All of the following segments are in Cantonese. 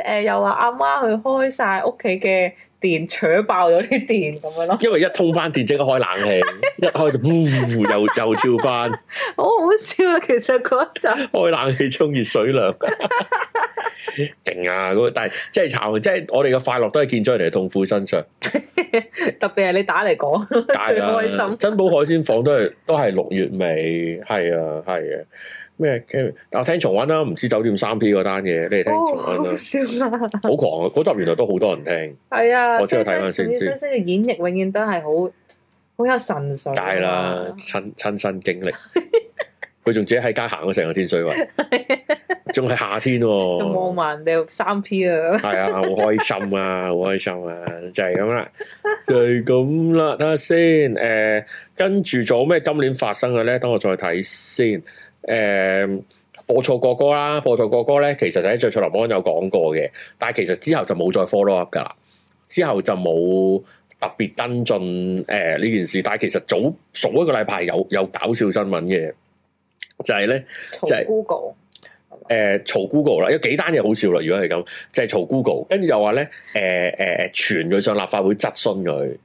誒，又話阿媽去開晒屋企嘅電，扯爆咗啲電咁樣咯。因為一通翻電，即刻開冷氣，一開就呼呼又就跳翻。好好笑啊！其實嗰一陣。開冷氣沖熱水涼。勁啊！咁但係真係慘，即係我哋嘅快樂都係建喺人哋痛苦身上。特別係你打嚟講最開心。珍寶海鮮舫都係都係六月尾，係啊係啊。咩？但我、啊、聽重溫啦，唔知酒店三 P 嗰單嘢，你哋聽重溫啦。好笑啊！ 好狂啊！嗰集原來都好多人聽。係啊，我之後睇翻先。識識嘅演繹，永遠都係好好有神髓、啊。係啦，親親身經歷，佢仲 自己喺街行咗成個天水圍，仲係 夏天。仲望埋你三 P 啊！係啊，好、 哎、開心啊，好開心啊，就係咁啦，就係咁啦。等下先，誒，跟住仲有咩今年發生嘅咧？等我再睇先。誒、呃，播錯國歌啦，播錯國歌咧，其實就喺《最雀林邦》有講過嘅，但係其實之後就冇再 follow up 噶啦，之後就冇特別跟進誒呢、呃、件事，但係其實早早一個禮拜有有搞笑新聞嘅，就係、是、咧，就係 Google，誒，嘈 Google 啦，呃、Go ogle，有幾單嘢好笑啦，如果係咁，即、就、係、是、嘈 Google，跟住又話咧，誒、呃、誒、呃，傳佢上立法會質詢佢，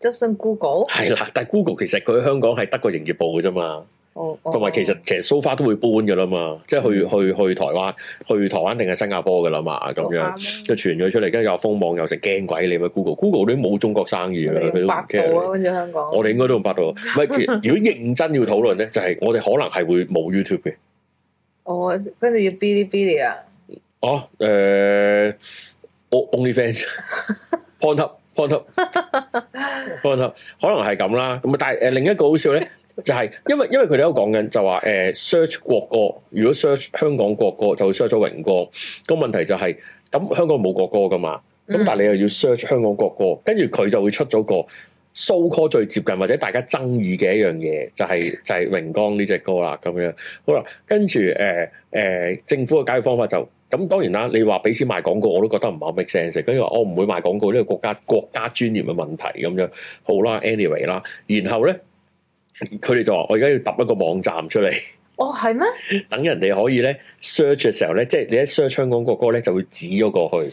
質詢 Google，係啦，但係 Google 其實佢喺香港係得個營業部嘅啫嘛。同埋其實其實 so far 都會搬噶啦嘛，即係去去去台灣，去台灣定係新加坡噶啦嘛咁樣， 就傳咗出嚟，跟住又封網，又成驚鬼你咪 Google，Google 都冇中國生意啦，百度啊，跟住香港，我哋應該都用百度啊。唔係，如果認真要討論咧，就係，是，我哋可能係會冇 YouTube 嘅。 哦，跟住要嗶哩嗶哩啊？哦，誒 OnlyFans point up point up point up，可能係咁啦。咁啊，但係誒，另一個好笑咧。 就係，因為因為佢哋都講緊，就話誒 search 國歌，如果 search 香港國歌，就會 search 咗榮歌。個問題就係，咁香港冇國歌噶嘛，咁、嗯、但係你又要 search 香港國歌，跟住佢就會出咗個 so call 最接近或者大家爭議嘅一樣嘢，就係就係榮光呢隻歌啦咁樣。好啦，跟住誒誒政府嘅解決方法就咁，當然啦，你話俾錢賣廣告，我都覺得唔係 make sense。跟住話我唔會賣廣告，呢個國家國家專業嘅問題咁樣。好啦，anyway 啦，然後咧。佢哋就話：我而家要揼一個網站出嚟。哦，係咩？等人哋可以咧 search 嘅時候咧，即係你一 search 香港國歌咧，就會指咗過去，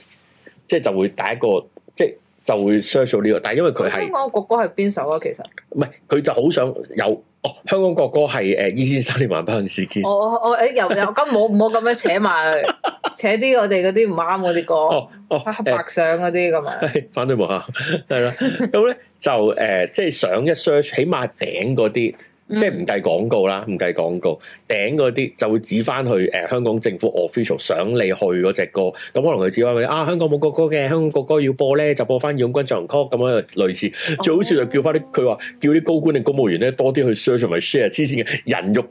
即係就會第一個，即係就會 search 到呢個。但係因為佢係香港國歌係邊首啊？其實唔係，佢就好想有。香港國歌係誒，二千三年萬邦事件。我我我誒，又又咁冇冇咁樣扯埋， 扯啲我哋嗰啲唔啱嗰啲歌。哦哦，黑白相嗰啲咁啊。些哎、反對無效，係啦。 咁咧就誒，即、呃、係、就是、上一 search，起碼頂嗰啲。嗯、即係唔計廣告啦，唔計廣告，頂嗰啲就會指翻去誒、呃、香港政府 official 想你去嗰隻歌，咁可能佢指翻佢啊香港冇國歌嘅，香港國歌要播咧就播翻《擁軍進行曲》咁樣類似，Okay. 最好笑就叫翻啲佢話叫啲高官定公務員咧多啲去 search 同埋 share 黐線嘅人肉。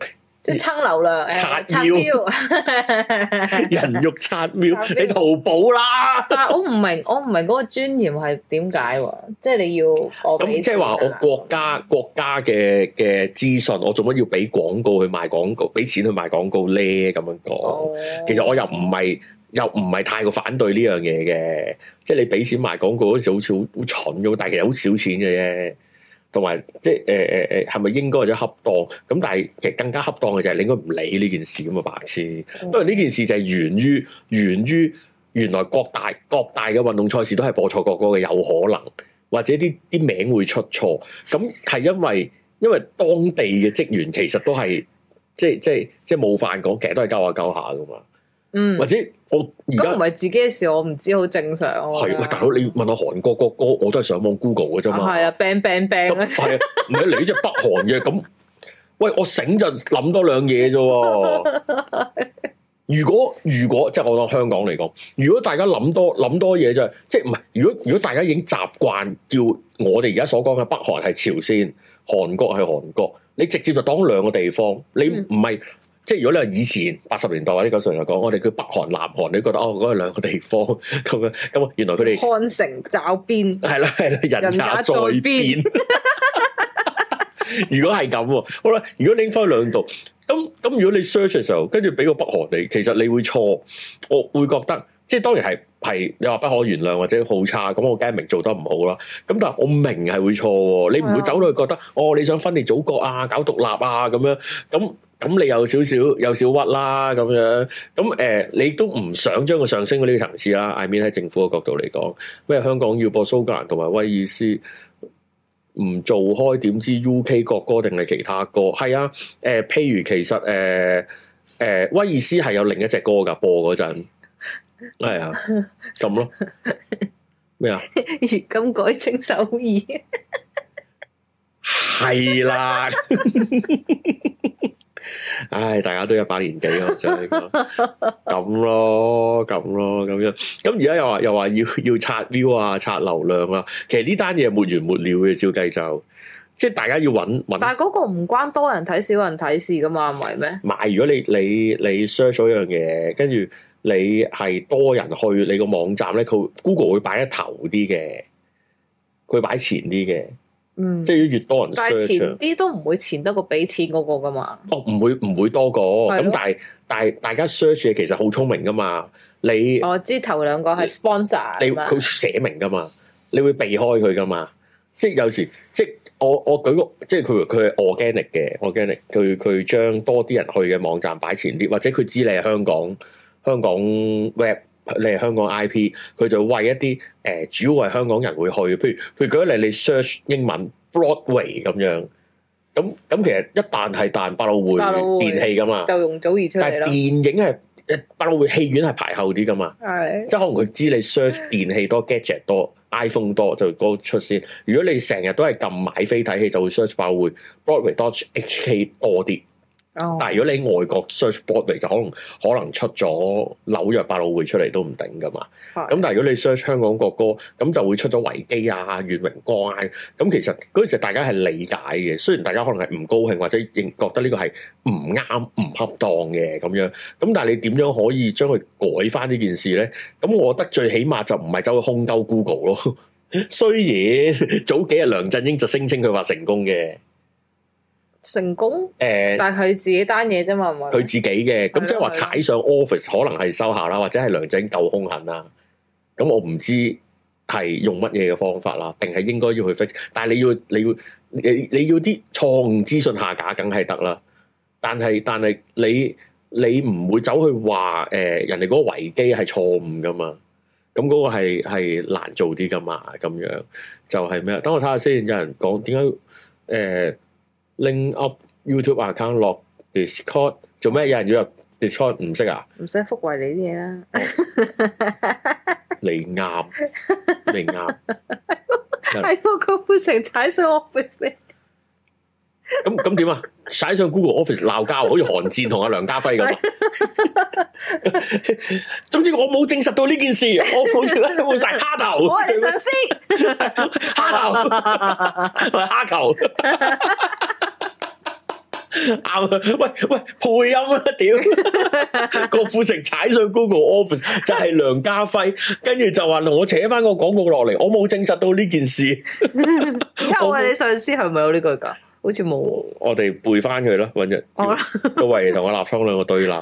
即係撐樓啦，拆廟，人肉拆廟，擦妖 你淘寶啦 、啊。我唔明，我唔明嗰個尊嚴係點解？即係你要我俾錢咁、嗯、即係話，我國家、嗯、國家嘅嘅資訊，我做乜要俾廣告去賣廣告，俾錢去賣廣告咧？咁樣講，哦、其實我又唔係又唔係太過反對呢樣嘢嘅。即係你俾錢賣廣告嗰時，好似好蠢咁，但係其實好少錢嘅啫。同埋即係誒誒誒，係咪、就是呃呃、應該或者恰當？咁但係其實更加恰當嘅就係你應該唔理呢件事咁啊！白痴，因為呢件事就係源於源於原來各大各大嘅運動賽事都係播錯國歌嘅，有可能或者啲啲名會出錯。咁係因為因為當地嘅職員其實都係即係即係即係冇飯講，其實都係鳩下鳩下噶嘛。嗯，或者我而家唔係自己嘅事，我唔知好正常。係喂，大佬，你問下韓國個歌，我都係上網 Google 嘅啫嘛。係啊，病病病啊！唔係、嗯 啊、你呢？只北韓嘅咁？喂，我醒就諗多兩嘢啫。如果如果即係我當香港嚟講，如果大家諗多諗多嘢就係，即係唔係？如果如果大家已經習慣叫我哋而家所講嘅北韓係朝鮮，韓國係韓國，你直接就當兩個地方，你唔係。嗯即係如果你話以前八十年代或者九十年代講，我哋叫北韓、南韓，你覺得哦嗰，係兩個地方咁樣咁， 原來佢哋漢城找邊係啦係啦，人也在變。 如果係咁，好啦，如果你拎翻兩度，咁咁，如果你 search 嘅時候，跟住俾個北韓你，其實你會錯，我會覺得，即係當然係係你話不可原諒或者好差，咁我梗係明做得唔好啦。咁但係我明係會錯，你唔會走落去覺得的哦，你想分裂祖國啊，搞獨立啊咁樣咁。咁你有少少有少屈啦咁樣，咁誒、呃，你都唔想將佢上升到呢個層次啦。I mean 喺政府嘅角度嚟講，咩香港要播蘇格蘭同埋威爾斯，唔做開點知 U K 國歌定係其他歌？係啊，誒、呃，譬如其實誒誒、呃，威爾斯係有另一隻歌噶，播嗰陣，係啊，咁咯，咩啊？如今改稱首爾，係 是啦。 唉，大家都一把年紀、 這個、咯，就咁咯，咁咯，咁樣。咁而家又話又話要要刷 view 啊，刷流量啊。其實呢單嘢係沒完沒了嘅，照計就即係大家要揾揾。但係嗰個唔關多人睇少人睇事噶嘛，唔係咩？買，如果你你你 search 咗樣嘢，跟住你係多人去你個網站咧，佢 Google 會擺得頭啲嘅，佢擺前啲嘅。嗯，即係越多人 search 但係前啲都唔會前得過前個俾錢嗰個噶嘛。哦，唔會唔會多個，咁的但係但係大家 search 嘢其實好聰明噶嘛。你，我知頭兩個係 sponsor，你佢寫明噶嘛，你會避開佢噶嘛。即係有時，即係我我舉個，即係佢佢係 organic 嘅，organic 佢佢將多啲人去嘅網站擺前啲，或者佢知你係香港香港 web。你係香港 IP，佢就為一啲誒、呃，主要係香港人會去。譬如，譬如舉例，你 search 英文 Broadway 咁樣，咁咁其實一彈係彈百老匯電器㗎嘛，就用早兒出嚟啦，電影係百老匯戲院係排後啲㗎嘛，的即係可能佢知你 search 電器多、gadget 多、iPhone 多就高出先。如果你成日都係撳買飛睇戲，就會 search 百老匯 Broadway dot HK 多啲。但係是如果你喺外國 search body 就可能可能出咗紐約百老匯出嚟都唔定㗎嘛。咁但係如果你 search 香港國歌咁就會出咗維基啊、願榮光啊，咁其實嗰陣時大家係理解嘅，雖然大家可能係唔高興或者認覺得呢個係唔啱、唔恰當嘅咁樣，咁但係你點樣可以將佢改翻呢件事咧？咁我覺得最起碼就唔係走去空鳩 Google 咯，雖然早幾日梁振英就聲稱佢話成功嘅。成功，誒、欸，但係佢自己單嘢啫嘛，唔係佢自己嘅，咁即係話踩上 office 可能係收下啦，的或者係梁振英夠兇狠啦。咁我唔知係用乜嘢嘅方法啦，定係應該要去 fix。但係你要你要你你要啲錯誤資訊下架，梗係得啦。但係但係你你唔會走去話誒、欸、人哋嗰個維基係錯誤噶嘛。咁嗰個係係難做啲噶嘛？咁樣就係、是、咩？等我睇下先，有人講點解誒？link up YouTube account 落 Discord 做咩？有人要入 Discord 唔識啊？唔使覆為你啲嘢啦。你啱，你啱。係喎，佢會成踩上 Office。咁咁點啊？踩上 Google Office 鬧交，好似寒戰同阿梁家輝咁。總之我冇證實到呢件事，我冇錯就冇晒蝦頭。我係上司，蝦頭，唔係蝦球。啱喂喂，配音啊屌！ 郭富城踩上 Google Office 就係梁家輝，跟住就話同我扯翻個廣告落嚟，我冇證實到呢件事。阿 偉，你上司係咪有呢句噶？好似冇。我哋背翻佢咯，搵日各位同我立場兩個對立。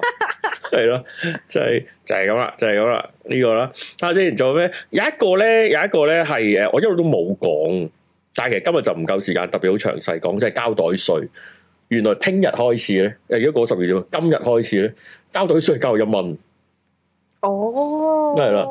係咯， 就係就係咁啦，就係咁啦，呢、就是這個啦。睇下，然做咩？有一個咧，有一個咧係誒，我一路都冇講，但係其實今日就唔夠時間特別好詳細講，即係膠袋稅。原來聽日開始咧，誒如果過十二點，今日開始咧，交到需要交到一蚊。哦、oh.，係 啦，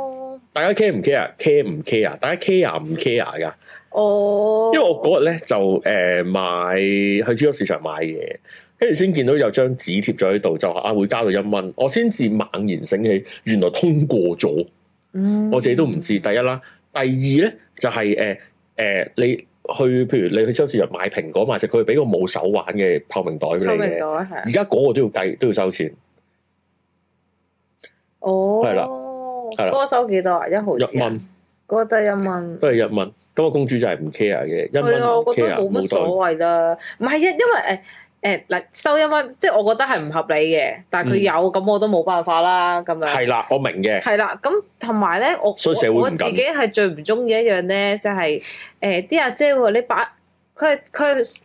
大家 care 唔 care？care 唔 care？大家 care 唔 care？噶哦，因為我嗰日咧就誒買、呃、去超級市場買嘢，跟住先見到有張紙貼咗喺度，就話會交到一蚊。我先至猛然醒起，原來通過咗。嗯，我自己都唔知。第一啦，第二咧就係誒誒你。去，譬如你去超市入買蘋果賣食，佢俾個冇手挽嘅透明袋俾你，而家嗰個都要計，都要收錢。哦，係啦係啦，嗰個收幾多啊？一毫、啊、文一蚊，嗰個得一蚊，都係一蚊。嗰個公主就係唔 care 嘅，一蚊冇乜所謂啦。唔係啊，因為誒。誒嗱收一蚊，即係我覺得係唔合理嘅，但係佢有咁、嗯、我都冇辦法啦。咁樣係啦，我明嘅。係啦，咁同埋咧，我所以社會我我自己係最唔中意一樣咧，就係誒啲阿姐會話你擺佢佢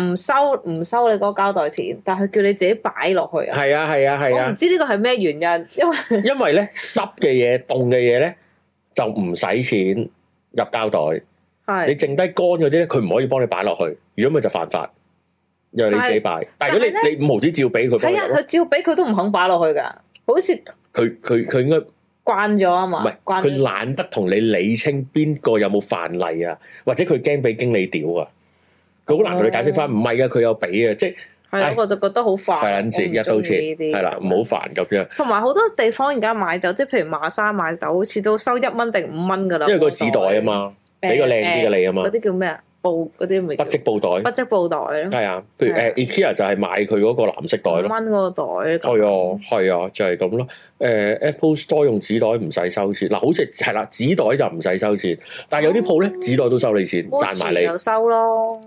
唔收唔收你嗰膠袋錢，但佢叫你自己擺落去。係啊係啊係啊！唔知呢個係咩原因，因為因為咧濕嘅嘢、凍嘅嘢咧就唔使錢入膠袋。係你剩低乾嗰啲咧，佢唔可以幫你擺落去，如果咪就犯法。由你自己擺，但係如果你五毫紙照俾佢，係啊，佢照俾佢都唔肯擺落去噶，好似佢佢佢應該慣咗啊嘛。唔係，佢懶得同你理清邊個有冇犯例啊，或者佢驚俾經理屌啊，佢好難同你解釋翻。唔係啊，佢有俾啊，即係，我就覺得好煩，費銀錢一刀切，係啦，唔好煩咁樣。同埋好多地方而家買酒，即係譬如馬莎買酒，好似都收一蚊定五蚊噶啦，因為個紙袋啊嘛，俾個靚啲嘅你啊嘛，嗰啲叫咩啊？布啲唔不織布袋，不織布袋咯。係啊，譬如誒、啊、IKEA 就係買佢嗰個藍色袋咯，一蚊嗰個袋。係啊，係啊，就係、是、咁咯。誒、uh，Apple Store 用紙袋唔使收錢，嗱，好似係啦，紙袋就唔使收錢。但係有啲鋪咧，紙、嗯、袋都收你錢，賺埋你。就收咯，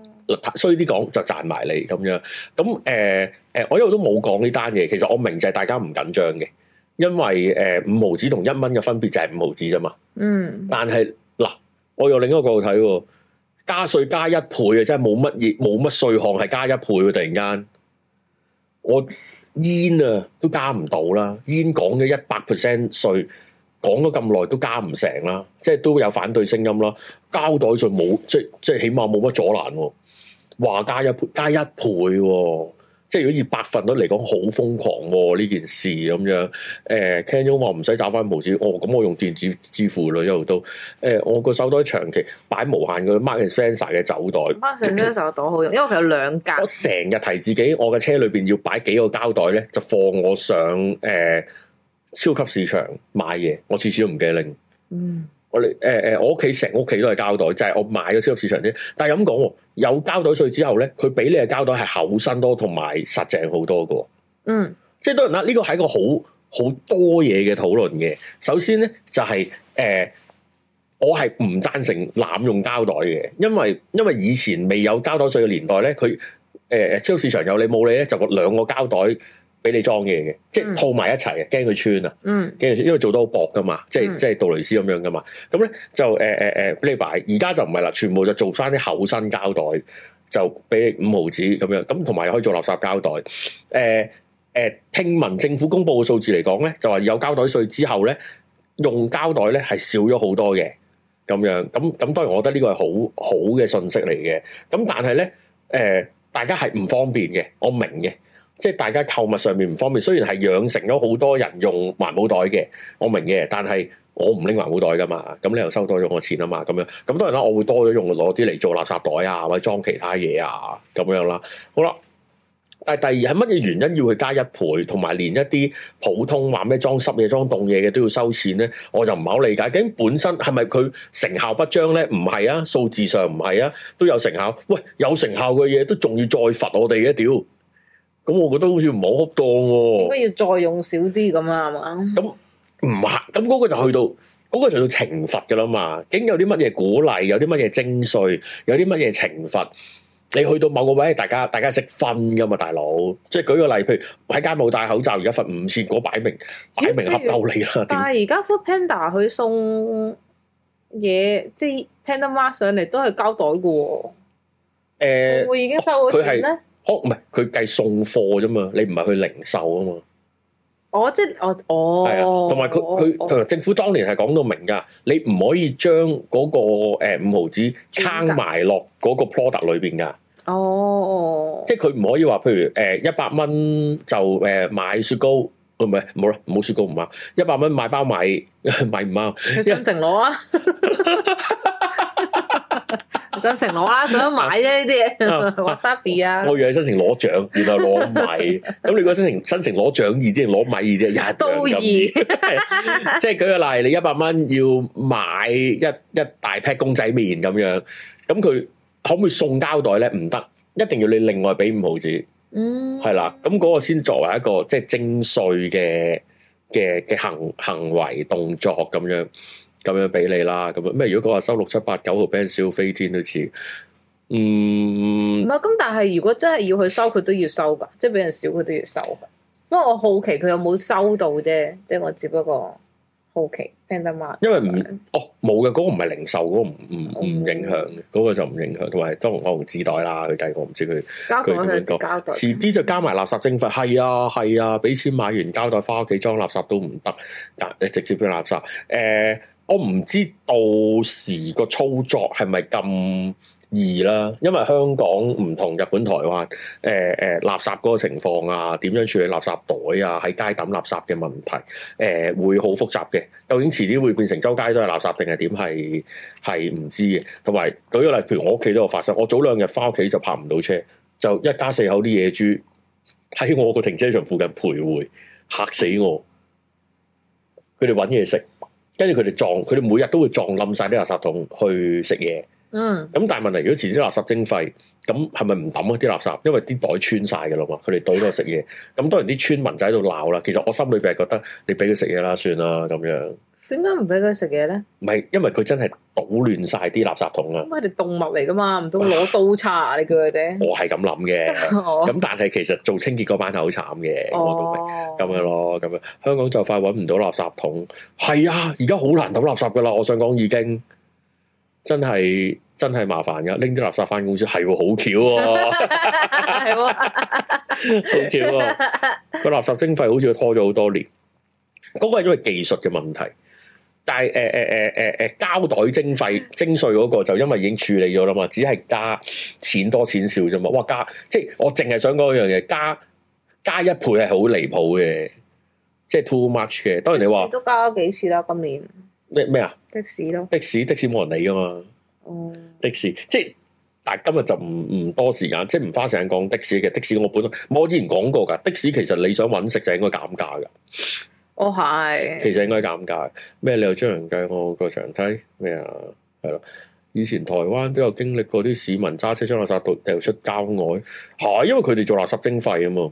衰啲講就賺埋你咁樣。咁誒誒，uh, uh, uh, 我一路都冇講呢單嘢，其實我明就係大家唔緊張嘅，因為誒五毫紙同一蚊嘅分別就係五毫紙啫嘛。嗯。但係嗱，我又另一個角度睇。加稅加一倍啊！真係冇乜嘢，冇乜稅項係加一倍喎！突然間我，我煙啊都加唔到啦，煙講咗一百 percent 稅，講咗咁耐都加唔成啦，即係都有反對聲音啦。膠袋就冇，即係即係，起碼冇乜阻攔喎。話加一倍，加一倍喎。即係如果以百分率嚟講，好瘋狂喎呢件事咁樣。誒 c a n o 唔使找翻毫紙，我咁、哦、我用電子支付咯一路都。誒、呃，我個手袋長期擺無限嗰個 Marks & Spencer 嘅酒袋。Marks & Spencer 酒袋好用， 因為佢有兩格。我成日提自己，我嘅車裏邊要擺幾個膠袋咧，就放我上誒、呃、超級市場買嘢，我次次都唔記得拎。嗯。我誒誒，我屋企成屋企都係膠袋，就係、是、我買咗超級市場啫。但係咁講，有膠袋稅之後咧，佢俾你嘅膠袋係厚身多，同埋實淨好多嘅。嗯，即係當然啦，呢個係一個好好多嘢嘅討論嘅。首先咧，就係、是、誒、呃，我係唔贊成濫用膠袋嘅，因為因為以前未有膠袋稅嘅年代咧，佢誒誒，超、呃、級市場有你冇你咧，就個兩個膠袋。俾你裝嘢嘅，即係套埋一齊嘅，驚佢穿啊，驚佢穿，因為做得好薄噶嘛，即係、嗯、即係杜蕾斯咁樣噶嘛。咁咧就誒誒誒俾你擺，而家就唔係啦，全部就做翻啲厚身膠袋，就俾五毫子咁樣。咁同埋可以做垃圾膠袋。誒、呃、誒、呃，聽聞政府公布嘅數字嚟講咧，就話有膠袋稅之後咧，用膠袋咧係少咗好多嘅。咁樣咁咁，當然我覺得呢個係好好嘅信息嚟嘅。咁但係咧，誒大家係唔方便嘅，我明嘅。即係大家購物上面唔方便，雖然係養成咗好多人用環保袋嘅，我明嘅，但係我唔拎環保袋噶嘛，咁你又收多咗我錢啊嘛，咁樣咁當然啦，我會多咗用攞啲嚟做垃圾袋啊，或者裝其他嘢啊，咁樣啦，好啦。但係第二係乜嘢原因要去加一倍，同埋連一啲普通話咩裝濕嘢、裝凍嘢嘅都要收錢咧？我就唔係好理解，究竟本身係咪佢成效不彰咧？唔係啊，數字上唔係啊，都有成效。喂，有成效嘅嘢都仲要再罰我哋一屌！咁我覺得好似唔好恰當喎，咁要再用少啲咁啊，係嘛？咁唔係，咁嗰個就去到嗰、嗰個就叫懲罰嘅啦嘛。嗯、竟有啲乜嘢鼓勵，有啲乜嘢徵稅，有啲乜嘢懲罰。你去到某個位，大家大家識分噶嘛，大佬。即係舉個例，譬如喺街冇戴口罩，而家罰五千，嗰擺明咦擺明恰鬥你啦。咦但係而家 Food Panda 佢送嘢，即係 Panda Mart 上嚟都係膠袋嘅喎。誒、欸，會已經收咗錢咧？哦，唔係佢計送貨啫嘛，你唔係去零售啊嘛。哦、oh，即係我，哦，係啊、oh，同埋佢佢同埋政府當年係講到明噶，你唔可以將嗰、那個誒、欸、五毫紙撐埋落嗰個 product 裏邊噶。哦，oh. 即係佢唔可以話，譬如誒一百蚊就誒、欸欸、買雪糕，唔、哦、係，冇啦，唔好雪糕唔啱，一百蚊買包米，米唔啱，去新攞啊。 想承攞啦，想買啫，呢啲哇沙比啊！我要喺新城攞獎，然後攞米。咁你覺得新城新城攞獎易啲定攞米易啲啊？都易。即係舉個例，你一百蚊要買一一大 pack 公仔麵咁樣，咁佢可唔可以送膠袋咧？唔得，一定要你另外俾五毫子。嗯，係啦，咁嗰個先作為一個即係徵稅嘅嘅嘅行行為動作咁樣。咁樣俾你啦，咁咩？如果佢話收六七八九俾人燒飛天都似，嗯，唔係咁。但係如果真係要去收，佢都要收噶，即係俾人少，佢都要收。不過我好奇佢有冇收到啫，即係我只不過好奇。聽得嘛因為唔是哦冇嘅，嗰個唔係零售，嗰個唔唔唔影響嘅，嗰個就唔影響。同埋當我用紙袋啦，佢第二唔知佢膠袋係膠袋，遲啲交通 就交埋垃圾徵費，係啊係啊，俾、啊啊、錢買完膠袋，翻屋企裝垃圾都唔得，但你直接俾垃圾誒。欸我唔知到時個操作係咪咁易啦，因為香港唔同日本、台灣，誒、呃、誒垃圾嗰個情況啊，點樣處理垃圾袋啊，喺街抌垃圾嘅問題，誒、呃、會好複雜嘅。究竟遲啲會變成周街都係垃圾定係點？係係唔知嘅。同埋舉個例，譬如我屋企都有發生，我早兩日翻屋企就泊唔到車，就一家四口啲野豬喺我個停車場附近徘徊，嚇死我！佢哋揾嘢食。跟住佢哋撞，佢哋每日都會撞冧晒啲垃圾桶去食嘢。嗯，咁但係問題，如果遲啲垃圾徵費，咁係咪唔抌啊啲垃圾？因為啲袋穿晒㗎啦嘛，佢哋倒咗去食嘢。咁 當然啲村民就喺度鬧啦。其實我心裏邊係覺得，你俾佢食嘢啦，算啦咁樣。點解唔俾佢食嘢咧？唔係，因為佢真係搗亂晒啲垃圾桶啊！咁佢哋動物嚟噶嘛，唔通攞刀叉？你叫佢哋？我係咁諗嘅。咁但係其實做清潔嗰班係好慘嘅，我都明咁樣咯。咁樣香港就快揾唔到垃圾桶。係啊，而家好難抌垃圾噶啦。我想講已經真係真係麻煩噶，拎啲垃圾翻公司係好巧，係好巧。個垃圾徵費好似拖咗好多年。嗰個係因為技術嘅問題。但係誒誒誒誒誒膠袋徵費徵稅嗰個就因為已經處理咗啦嘛，只係加錢多錢少啫嘛。哇，加即係我淨係想講一樣嘢，加加一倍係好離譜嘅，即係 too much 嘅。當然你話都加咗幾次啦，今年咩咩啊，的士咯，的士，的士冇人理㗎嘛。哦、嗯、的士即係，但係今日就唔唔多時間，即係唔花時間講的士嘅。的士我本我之前講過㗎，的士其實你想搵食就應該減價㗎。我係，哦、其實應該尷尬咩？你又將人計我個長梯咩啊？係咯，以前台灣都有經歷過啲市民揸車將垃圾丟掉出郊外，係因為佢哋做垃圾徵費啊嘛。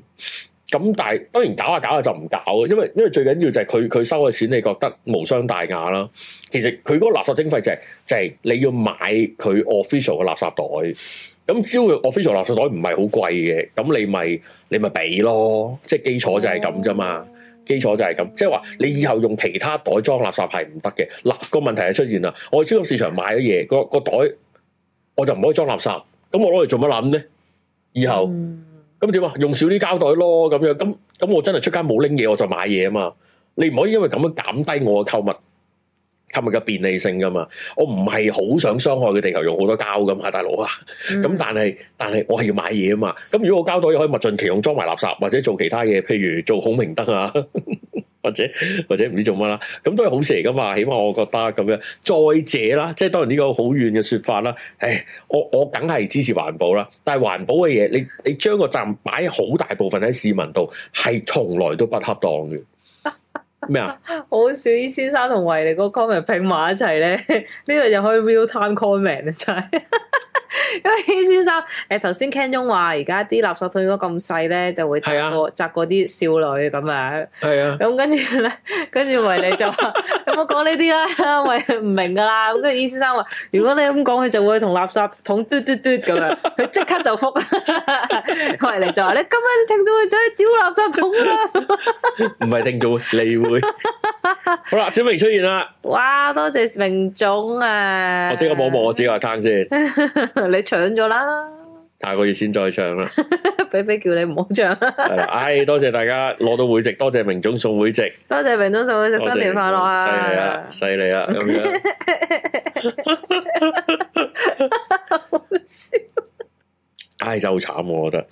咁但係當然搞下、啊、搞下、啊啊、就唔搞，因為因為最緊要就係佢佢收嘅錢，你覺得無傷大雅啦。其實佢嗰個垃圾徵費就係、是、就係、是、你要買佢 official 嘅垃圾袋。咁招嘅 official 垃圾袋唔係好貴嘅，咁你咪你咪俾咯，即係基礎就係咁啫嘛。基礎就係咁，即係話你以後用其他袋裝垃圾係唔得嘅。嗱，個問題就出現啦，我去超級市場買咗嘢，個個袋我就唔可以裝垃圾。咁我攞嚟做乜諗咧？以後咁點啊？用少啲膠袋咯，咁樣咁咁，我真係出街冇拎嘢，我就買嘢啊嘛。你唔可以因為咁樣減低我嘅購物。購物嘅便利性噶嘛，我唔係好想傷害佢地球用好多膠噶嘛，大佬啊！咁 但係是、mm. 但係我係要買嘢啊嘛，咁如果個膠袋可以物盡其用，裝埋垃圾或者做其他嘢，譬如做孔明燈啊 或，或者或者唔知做乜啦，咁都係好事嚟噶嘛，起碼我覺得咁樣，再者啦，即係當然呢個好遠嘅說法啦。唉，我我梗係支持環保啦，但係環保嘅嘢，你你將個站擺好大部分喺市民度，係從來都不恰當嘅。咩啊？好少，先生同維尼嗰 comment 拼埋一齊咧，呢個又可以 real time comment 啊，真係。因為尹先生，誒，頭先 Ken 仲話，而家啲垃圾桶咁細咧，就會睇過摘過啲少女咁樣。係啊，咁跟住咧，跟住維尼就話：，有冇講呢啲啦，維唔明噶啦。咁跟住尹先生話：，如果你咁講，佢就會同垃圾桶嘟嘟嘟咁樣。佢即刻就覆，維尼就話：，你今晚聽到佢去丟垃圾桶啦。唔係聽到，你會。好啦，小明出現啦！哇，多謝明總誒！我即刻摸摸我自己個攤先，你搶咗啦！下個月先再搶啦！比比叫你唔好搶啦！哎，多謝大家攞到會籍，多謝明總送會籍，多謝明總送會籍，新年快樂啊！犀利啊，犀利啊！咁樣。好笑。唉，就係好慘，我覺得，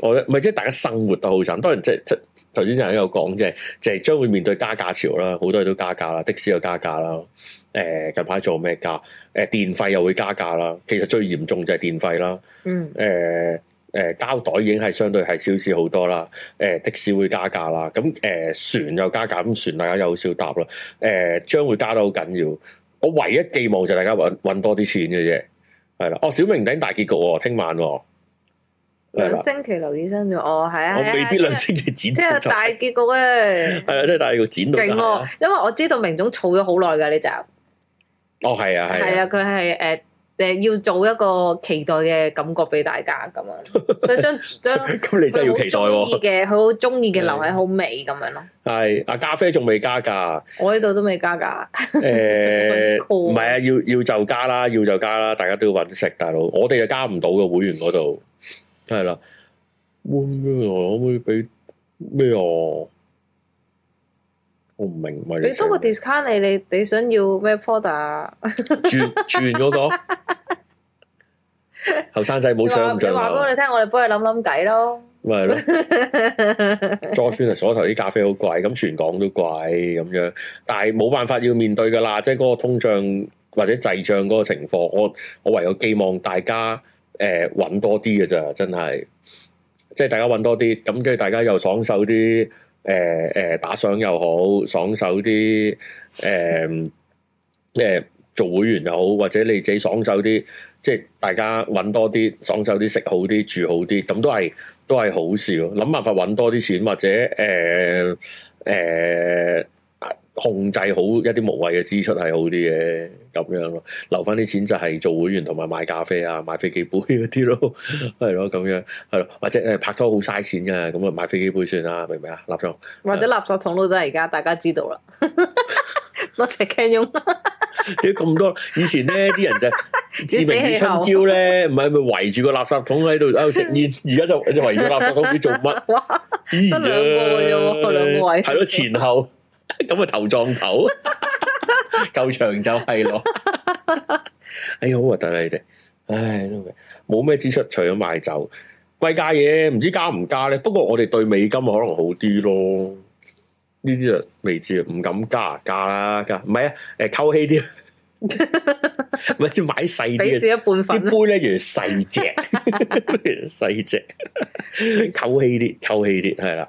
我咪即係大家生活都好慘。當然即係即係頭先有人喺度講，即係即係將會面對加價潮啦，好多嘢都加價啦，的士又加價啦。誒、欸、近排做咩價？誒、欸、電費又會加價啦。其實最嚴重就係電費啦。嗯。誒誒，膠袋已經係相對係小事好多啦。誒、欸、的士會加價啦。咁、嗯、誒船又加價，咁船大家又好少搭啦。誒、欸、將會加得好緊要。我唯一寄望就大家揾揾多啲錢嘅啫。係啦。哦，小明頂大結局喎、哦，聽晚、哦。兩星期留醫生做哦，係啊，我未必兩星期剪。即係大結局咧，係啊，即係大結局剪到。勁哦，因為我知道明總儲咗好耐噶呢集。哦，係啊，係啊，係啊，佢係誒誒，要做一個期待嘅感覺俾大家咁樣，所以將將佢真係要期待嘅，佢好中意嘅留喺好美咁樣咯。係啊，咖啡仲未加價，我呢度都未加價。誒，唔係啊，要要就加啦，要就加啦，大家都要揾食，大佬，我哋又加唔到嘅會員嗰度。係啦，可唔可以俾咩啊？我唔明，咪俾多個 discount 你，你你想要咩 product？轉轉個後生仔冇上唔上樓？話俾我哋聽，我哋幫佢諗諗計咯。咪係咯，Joanne，鎖頭啲咖啡好貴，咁全港都貴咁樣，但係冇辦法要面對噶啦，即係嗰個通脹或者滯脹嗰個情況，我我唯有寄望大家。誒揾、呃、多啲嘅咋，真係，即係大家揾多啲，咁即住大家又爽手啲，誒、呃、誒、呃、打賞又好，爽手啲，誒、呃、咩、呃、做會員又好，或者你自己爽手啲，即係大家揾多啲，爽手啲食好啲，住好啲，咁都係都係好事咯，諗辦法揾多啲錢或者誒誒。呃呃控制好一啲無謂嘅支出係好啲嘅，咁樣咯，留翻啲錢就係做會員同埋買咖啡啊，買飛機杯嗰啲咯，係咯，咁樣係咯，或者誒拍拖好嘥錢嘅啊，咁啊買飛機杯算啦，明唔明啊？垃圾或者垃圾桶都得，而家、啊、大家知道啦。我食 c a n o 咁多 Ken 以前咧啲人就志明與春嬌咧，唔係咪圍住個垃圾桶喺度喺度食煙？而家就就圍住垃圾桶唔知做乜。咦， 前兩個位 啊，兩個位，係咯前後。 前後 咁啊頭撞頭，夠 長就係咯、 哎。哎呀，好核突啊！你哋，唉，冇咩支出，除咗買酒，貴價嘢唔知加唔加咧。不過我哋對美金可能好啲咯。呢啲啊未知啊，唔敢加加啦，加唔係啊？誒，扣氣啲，唔係要買細啲，少一半份呢。杯咧要細隻，細隻， 扣氣啲，扣氣啲，係啦。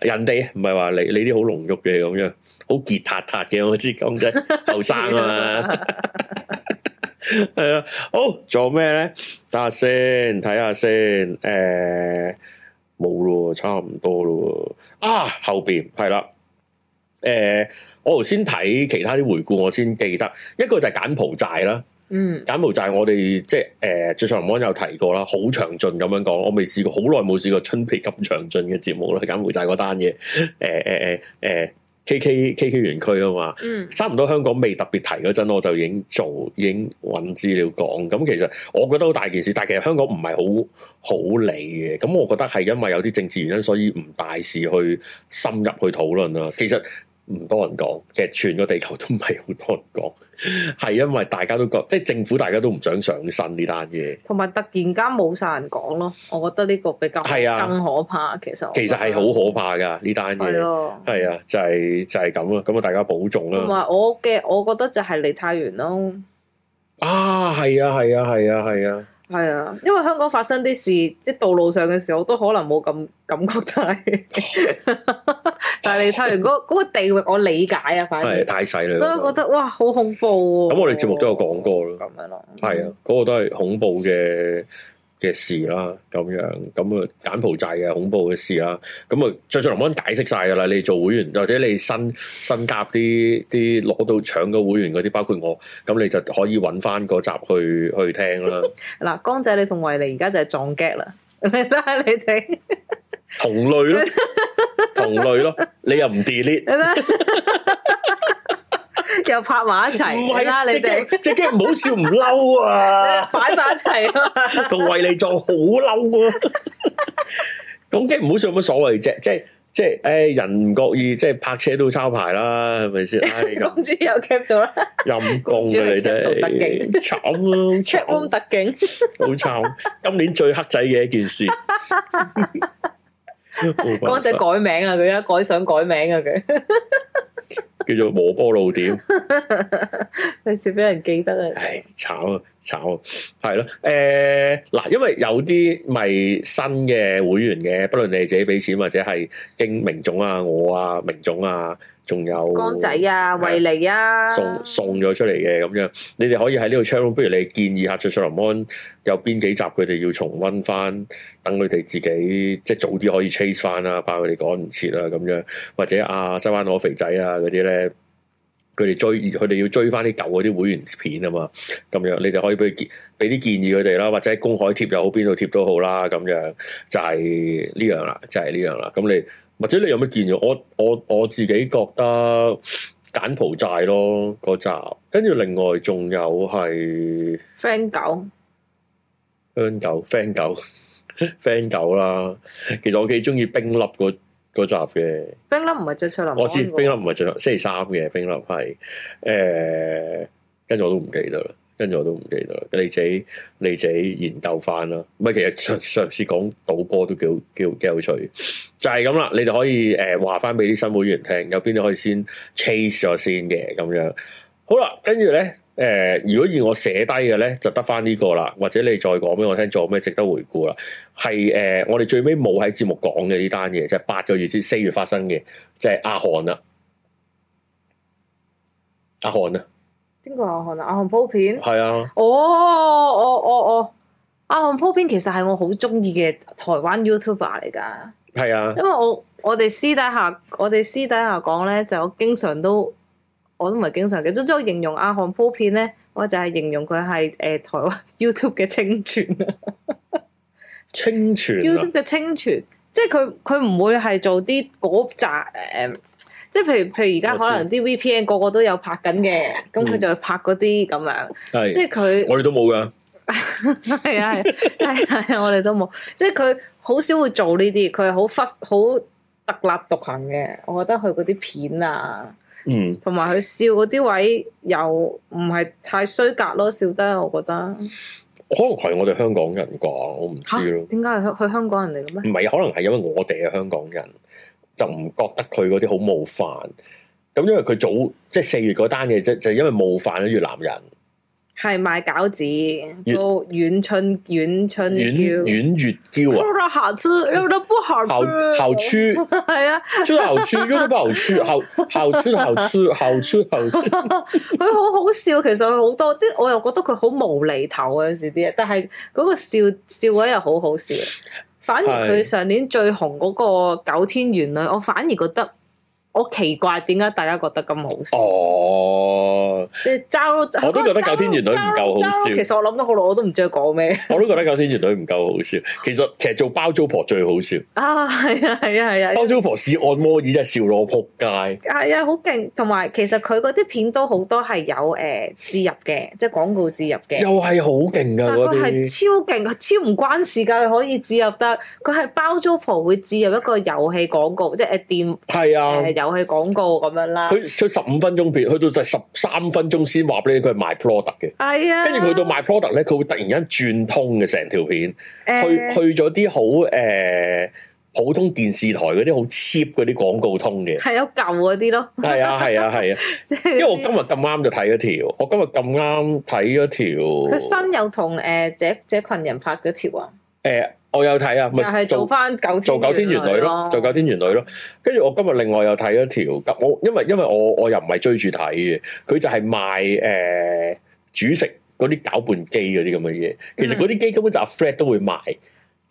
人哋唔係話你你啲好濃郁嘅咁樣，好結塔塔嘅，我知，講真，後生啊嘛，係 啊，好做咩咧？等下先睇下先，誒、欸，冇咯，差唔多咯，啊，後邊係啦，誒、啊欸，我頭先睇其他啲回顧，我先記得一個就係柬埔寨啦。嗯，柬埔寨我哋即係誒，最上次有提過啦，好詳盡咁樣講，我未試過，好耐冇試過春皮咁詳盡嘅節目啦。柬埔寨嗰單嘢，誒誒誒誒，K K K K 園區啊嘛，嗯，差唔多香港未特別提嗰陣，我就已經做，已經揾資料講。咁其實我覺得好大件事，但係其實香港唔係好好理嘅，咁我覺得係因為有啲政治原因，所以唔大事去深入去討論啦。其實。唔多人講，其實全個地球都唔係好多人講，係因為大家都覺，即係政府大家都唔想上身呢單嘢。同埋突然間冇晒人講咯，我覺得呢個比較係啊，更可怕。啊、其實其實係好可怕噶呢單嘢，係啊，啊，就係、是、就係咁咯。咁啊，大家保重啦。同埋我嘅，我覺得就係離太遠咯。啊，係啊，係啊，係啊，係啊。係啊，因為香港發生啲事，即道路上嘅時候都可能冇咁感覺大。但係 你睇，嗰個，如嗰 個地域，我理解啊，反而，啊、太細啦，所以我覺得哇，好哇恐怖啊！咁我哋節目都有講過咯，咁，哦、樣咯，係啊，嗰，嗯、個都係恐怖嘅。嘅事啦，咁樣咁啊，柬埔寨嘅恐怖嘅事啦，咁啊，最盡可能解釋晒噶啦，你做會員或者你新新加啲啲攞到搶嘅會員嗰啲，包括我，咁你就可以揾翻嗰集去去聽啦。嗱 江 仔你，你同維尼而家就係撞 get 啦，你睇你睇同類咯，同類咯，你又唔 delete？ 又拍埋一齊啦！是你哋即係唔好笑唔嬲啊！擺埋 一齊 啊。同維你撞好嬲啊！講嘅唔好笑乜所謂啫？即係即係誒，人唔覺意即係拍車都抄牌啦，係咪先？唉， 公知又 keep 咗啦，陰功 啊你哋！慘啊，check on 特警，好慘！ 今年最黑仔嘅一件事， 辦法 光仔改名啦！佢而家改想改名啊！佢。叫做磨波露點，費事俾人記得啊！唉，炒啊，炒啊，係咯，誒，嗱，因為有啲咪新嘅會員嘅，不論你係自己俾錢或者係經明總啊、我啊、明總啊。仲有江仔啊、惠利啊，送送咗出嚟嘅咁樣，你哋可以喺呢度 channel。不如你建議下出出林安有邊幾集佢哋要重溫翻，等佢哋自己即係早啲可以 chase 翻啦，怕佢哋趕唔切啦咁樣，或者啊，西灣攞肥仔啊嗰啲咧，佢哋追佢哋要追翻啲舊嗰啲會員片啊嘛，咁樣你哋可以俾俾啲建議佢哋啦，或者公海貼又好，邊度貼都好啦，咁樣就係呢樣啦，就係呢樣啦，咁你。或者你有咩建議？我我我自己覺得柬埔寨咯嗰集，跟住另外仲有係 friend 狗，friend 狗，friend 狗，friend 狗啦。其實我幾中意冰粒嗰集嘅。冰粒唔係最出林，我知。冰粒唔係最星期三嘅冰粒係誒，跟住我都唔記得啦。跟住我都唔記得啦，你自己你自己研究翻啦，唔係。其實上上次講賭波都幾好幾幾有趣，就係咁啦，你就可以誒話翻俾啲新會員聽，有邊啲可以先 chase 咗先嘅咁樣。好啦，跟住咧誒，如果以我寫低嘅咧，就得翻呢個啦，或者你再講俾我聽，做咩值得回顧啦？係誒、呃，我哋最尾冇喺節目講嘅呢單嘢，就係、是、八個月前四月發生嘅，即、就、係、是、阿韓啦，阿韓啊。邊個啊？韓，阿韓鋪片係啊！哦哦哦哦！阿韓鋪片其實係我好中意嘅台灣 YouTuber 嚟噶。係是啊，因為我我哋私底下我哋私底下講咧，就我經常都我都唔係經常嘅。總之我形容阿韓鋪片咧，我就係形容佢係誒台灣 YouTube 嘅清， 清泉啊，清泉 YouTube 嘅清泉，即係佢佢唔會係做啲嗰扎誒。呃即係譬如，譬如而家可能啲 VPN 個個都有拍緊嘅，咁佢、嗯、就拍嗰啲咁樣。係，即係佢我哋都冇噶，係啊係啊係啊，我哋都冇。即係佢好少會做呢啲，佢係好忽好特立獨行嘅。我覺得佢嗰啲片啊，嗯，同埋佢笑嗰啲位又唔係太衰格咯，笑得我覺得可能係我哋香港人啩，我唔知咯。點解係佢香港人嚟嘅咩？唔係，可能係因為我哋係香港人。就唔覺得佢嗰啲好冒犯，咁因為佢早即係四月嗰單嘢，即就是、因為冒犯咗越南人，係賣餃子，要遠春遠春遠，遠月嬌啊！好吃又啊，出後村出不佢好好笑，其實佢好多啲，我又覺得佢好無厘頭啊！有時啲，但係嗰個笑笑嗰日好好笑。反而佢上年最紅嗰個九天元女，我反而覺得，我奇怪點解大家覺得咁好笑。哦即係爭，我都覺得九天元女唔夠好笑。其實我諗咗好耐，我都唔知佢講咩。我都覺得九天元女唔夠好笑。其實其實做包租婆最好笑。啊，係啊，係啊，係啊！包租婆試按摩椅真係笑到我仆街。係啊，好勁。同埋其實佢嗰啲片都好多係有誒植、呃、入嘅，即係廣告植入嘅。又係好勁噶嗰啲，係、啊、些超勁，超唔關事㗎，佢可以植入得。佢係包租婆會植入一個遊戲廣告，即係誒店係啊，遊戲廣告咁樣啦。佢佢十五分鐘片，去到就十三。分鐘先話俾你佢係賣 product 嘅，係啊、哎呀，跟住佢到賣 product 咧，佢會突然間轉通嘅成條片，哎、去去咗啲好誒，普通電視台嗰啲好 cheap 嗰啲廣告通嘅，係有舊嗰啲咯，係啊係啊係啊，即係、啊啊、因為我今日咁啱就睇咗條，我今日咁啱睇咗條，佢新又同誒這這群人拍咗條啊，誒、呃。我有睇啊，咪做翻九做九天玄女咯，做九天玄女咯。跟住我今日另外又睇一條，我因為因為我我又唔係追住睇嘅，佢就係賣誒煮、呃、食嗰啲攪拌機嗰啲咁嘅嘢。其實嗰啲機根本就阿 Fred 都會賣，嗯、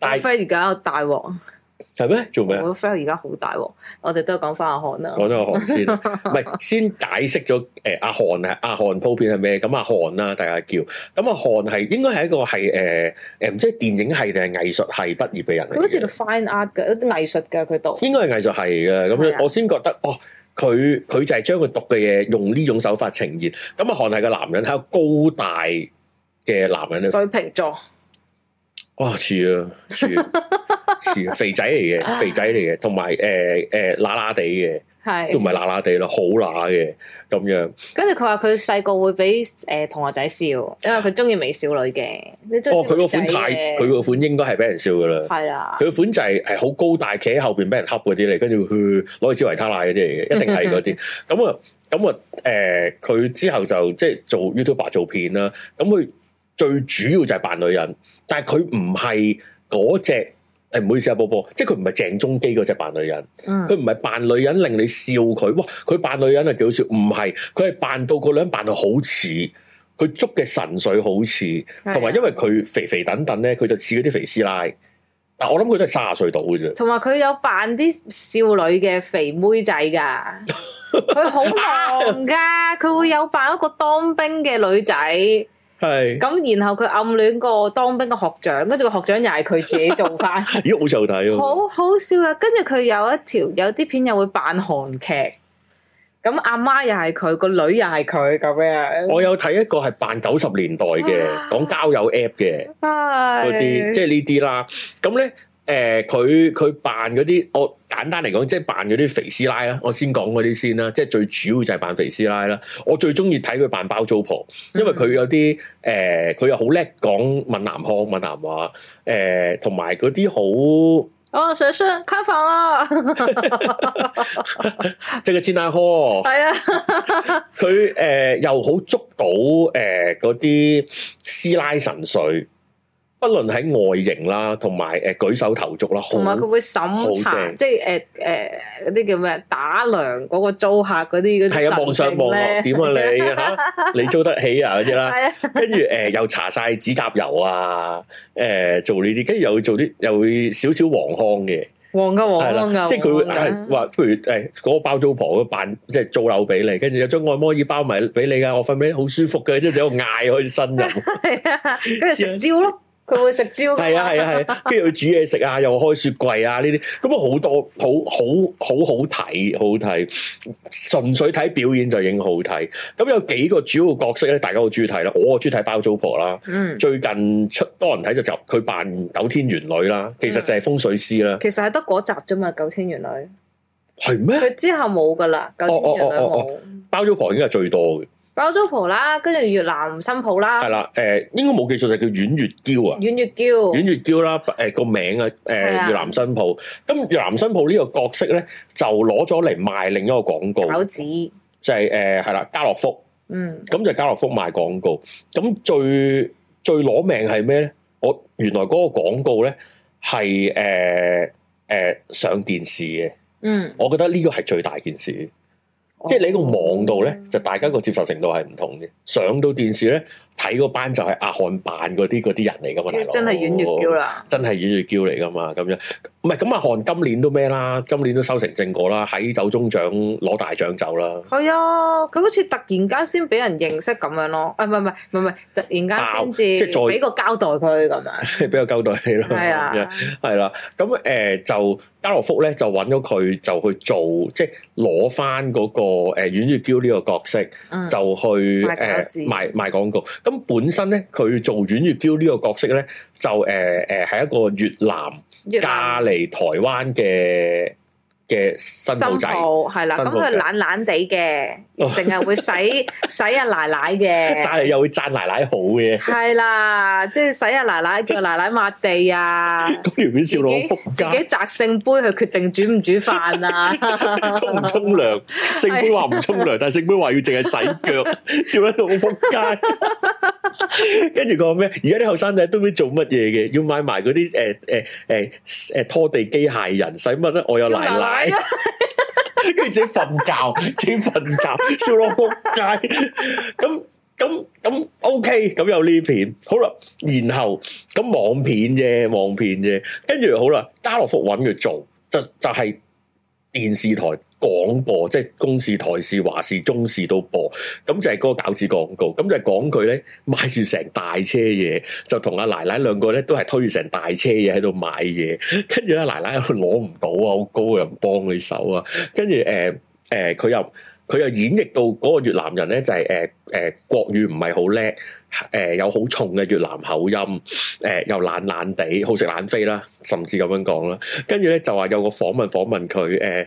但阿 Fred 而家大鑊。係咩？做咩？我 friend 而家好大，我哋都講翻阿韓啦。講咗阿韓先，唔係先解釋咗誒，阿韓係阿韓普遍系咩？咁阿韓啦，大家叫咁阿韓係應該係一個系誒誒，唔知電影系定系藝術系畢業嘅人。佢好似度 fine art 嘅，藝術嘅佢讀，應該係藝術系嘅。咁樣我先覺得，哦，佢佢就係將佢讀嘅嘢用呢種手法呈現。咁阿韓係個男人，係個高大嘅男人。水瓶座。哇，似啊，似啊，似啊，肥仔嚟嘅，肥仔嚟嘅，同埋誒誒乸乸地嘅，係都唔係乸乸地啦，好乸嘅咁樣。跟住佢話佢細個會俾誒同學仔笑，因為佢中意美少女嘅。哦，佢個款太，佢個款應該係俾人笑噶啦。係啊，佢個款就係係好高大，企喺後邊俾人恰嗰啲嚟，跟住去攞去燒維他奶嗰啲嚟嘅，一、呃、一定係嗰啲。咁啊，咁啊，誒，佢一之後就即係做 YouTuber 做片啦。咁佢。最主要就係扮女人，但係佢唔係嗰隻誒，唔、哎、好意思啊，波波，即係佢唔係鄭中基嗰隻扮女人，佢唔係扮女人令你笑佢，哇，佢扮女人啊，幾好笑，唔係，佢係扮到個女人扮到好似，佢捉嘅神髓好似，同埋、啊、因為佢肥肥等等咧，佢就似嗰啲肥師奶，但我諗佢都係卅歲到嘅啫。同埋佢有扮啲少女嘅肥妹仔噶，佢好 忙噶，佢 會有扮一個當兵嘅女仔。係咁，然後佢暗戀過當兵個學長，跟住個學長又係佢自己做返。咦，好有趣，睇，好好笑啊！跟住佢有一條有啲片又會扮韓劇，咁阿媽又係佢，個女又係佢咁樣。我有睇一個係扮九十年代嘅，講交友 app 嘅，嗰啲即係呢啲啦。咁咧。誒佢佢扮嗰啲，我簡單嚟講，即係扮嗰啲肥師奶啦。我先講嗰啲先啦，即係最主要就係扮肥師奶啦。我最中意睇佢扮包租婆，因為佢有啲誒，佢、呃、又好叻講閩南腔、閩南話，誒同埋嗰啲好。我想想，開房、哦、啊，即 係 個師奶腔。係啊， 佢、呃、誒又好捉到誒嗰啲師奶神髓。不論喺外形啦，同埋誒舉手投足啦，同埋佢會審查，即係誒誒嗰啲叫咩，打量嗰個租客嗰啲，嗰係啊，望上望落點啊，你吓你租得起啊嗰啲啦，跟住誒又搽晒指甲油啊，誒做呢啲，跟住又會做啲又會少少黃腔嘅黃噶黃腔噶，即係佢會話，譬如誒嗰個包租婆都扮即係租樓俾你，跟住又將按摩椅包埋俾你噶，我瞓咩好舒服嘅，即係就度嗌，可身呻係啊，跟住食蕉咯。佢會食蕉，啊，係 啊係啊係，跟住佢煮嘢食啊，又開雪櫃啊，呢啲咁啊好多好好好好睇好睇，純粹睇表演就已經好睇。咁有幾個主要角色咧，大家好中意睇啦，我啊中意睇包租婆啦。嗯，最近出多人睇就集，佢扮九天玄女啦，其實就係風水師啦，嗯。其實係得嗰集啫嘛，九天玄女係咩？佢嗎之後冇噶啦，九天玄女，哦哦哦哦哦哦，包租婆已經係最多嘅。包租婆啦，跟住越南新抱啦，係啦，誒、呃，應該冇記錯就叫阮月嬌啊，阮月嬌，阮月嬌啦，誒個名啊，誒越南新抱，咁越南新抱呢個角色咧就攞咗嚟賣另一個廣告，手指子就係誒係啦，家樂福，嗯，咁就家樂福賣廣告，咁最最攞命係咩咧？我原來嗰個廣告咧係誒誒上電視嘅，嗯，我覺得呢個係最大件事。即係你個網度呢，就大家個接受程度係唔同嘅。上到電視呢。睇嗰班就係阿韓扮嗰啲嗰啲人嚟噶，其實真係軟月嬌啦，真係阮月嬌嚟噶嘛咁樣，唔係咁阿韓今年都咩啦？今年都收成正果啦，喺酒中獎攞大獎酒啦。係啊，佢好似突然間先俾人認識咁樣咯，誒唔係唔係唔係突然間先至即係再俾個交代佢咁樣，俾 個交代咯係啊，係啦。咁誒就家樂福咧就揾咗佢就去做，即係攞翻嗰個誒阮月嬌呢個角色，就去誒賣賣，賣，賣，賣廣告。咁本身咧，佢做阮月嬌呢個角色咧，就誒誒係一個越南嫁嚟南台灣嘅。嘅新抱仔，係啦，咁佢懶懶地嘅，成日會洗洗阿奶奶嘅，但係又會讚奶奶好嘅，係啦，即係洗阿奶奶叫奶奶抹地啊，咁條片笑到好撲街，自己摘聖杯去決定煮唔煮飯啊，沖唔沖涼？聖杯話唔沖涼，但係聖杯話要淨係洗腳，笑得到好撲街。跟住講咩？而家啲後生仔都唔知做乜嘢嘅，要買埋嗰啲誒誒誒誒拖地機械人，使乜咧？我有奶奶。跟住 自己瞓覺， 自己瞓覺，笑到撲街，咁咁咁 OK，咁有呢片好啦，然後咁網片啫，網片啫，跟住好啦，家樂福揾佢做，就就係、是、電視台。廣播即係公視、台視、華視、中視都播，咁就係個餃子廣告，咁就係講佢咧買住成大車嘢，就同阿奶奶兩個咧都係推住成大車嘢喺度買嘢，跟住咧奶奶攞唔到啊，好高啊，唔幫佢手啊，跟住誒誒佢又。佢又演繹到嗰個越南人咧，就係誒誒國語唔係好叻，誒、呃、有好重嘅越南口音，誒、呃、又懶懶地，好食懶飛啦，甚至咁樣講啦。跟住咧就話有個訪問訪問佢，誒、呃、誒、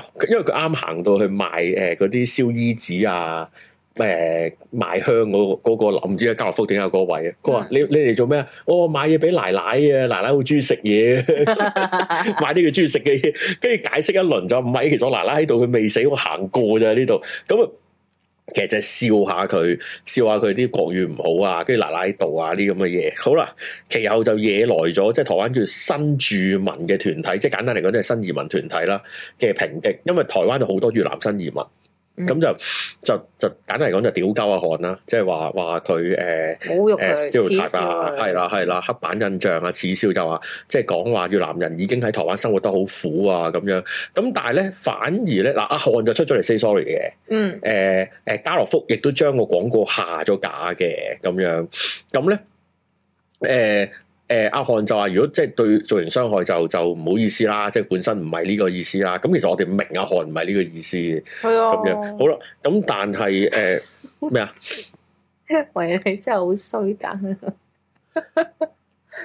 呃，因為佢啱行到去買誒嗰啲燒衣紙啊。誒，賣香嗰嗰、那個唔知喺家樂福點有嗰位，佢話、嗯、你你嚟做咩、哦、啊？我 買嘢俾奶奶嘅，奶奶好中意食嘢，買啲佢中意食嘅嘢。跟住解釋一輪就唔係，其實我奶奶喺度，佢未死，我行過咋呢度。咁啊，其實就係笑下佢，笑下佢啲國語唔好啊，跟住奶奶喺度啊啲咁嘅嘢。好啦，其後就惹來咗即係台灣叫新住民嘅團體，即係簡單嚟講，即係新移民團體啦嘅抨擊，因為台灣有好多越南新移民。咁、嗯、就就就簡單嚟講，就屌鳩阿漢啦，即係話話佢誒誒，侮辱，係啦係啦，黑板印象啊，恥笑就話，即係講話越南人已經喺台灣生活得好苦啊，咁樣，咁但係咧反而咧嗱，阿漢就出咗嚟 say sorry 嘅，嗯、呃，誒、呃、誒，家樂福亦都將個廣告下咗架嘅，咁樣，咁咧誒。呃誒、呃，阿漢就話如果即係對造成傷害就就唔好意思啦，即係本身唔係呢個意思啦。咁其實我哋明阿漢唔係呢個意思係啊，咁樣好啦。咁但係誒咩啊？喂你真係好衰噶！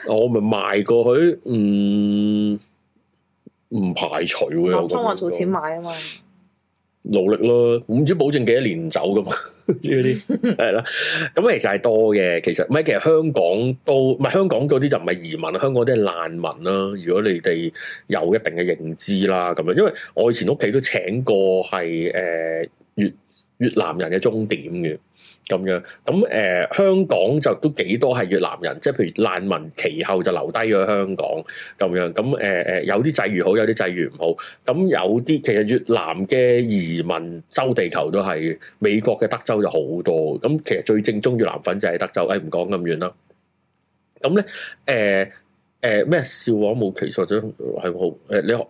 我咪賣過去，唔、嗯、唔排除嘅。阿湯話儲錢買啊嘛，努力咯，唔知保證幾多年唔走噶嘛。 啲係啦，咁其實係多嘅。其實唔係，其實香港都，唔係香港嗰啲就唔係移民，香港啲係難民啦。如果你哋有一定嘅認知啦，咁樣，因為我以前屋企都請過係誒、呃、越越南人嘅鐘點嘅。咁樣咁誒、呃，香港就都幾多係越南人，即係譬如難民其後就留低咗香港咁樣，咁誒誒，有啲際遇好，有啲際遇唔好，咁有啲其實越南嘅移民州地球都係美國嘅德州就好多，咁其實最正宗越南粉就係德州。誒唔講咁遠啦，咁咧誒。誒咩、呃？笑話冇歧錯，真係好誒！你誒，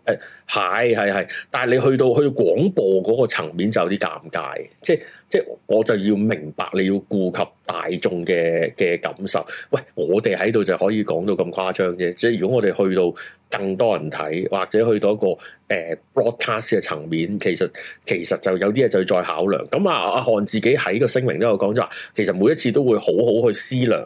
係係係，但係你去到去到廣播嗰個層面就有啲尷尬，即係即係我就要明白你要顧及大眾嘅嘅感受。喂，我哋喺度就可以講到咁誇張啫。即係如果我哋去到更多人睇，或者去到一個誒、呃、broadcast 嘅層面，其實其實就有啲嘢就要再考量。咁啊，阿、啊、韓自己喺個聲明都有講，就話其實每一次都會好好去思量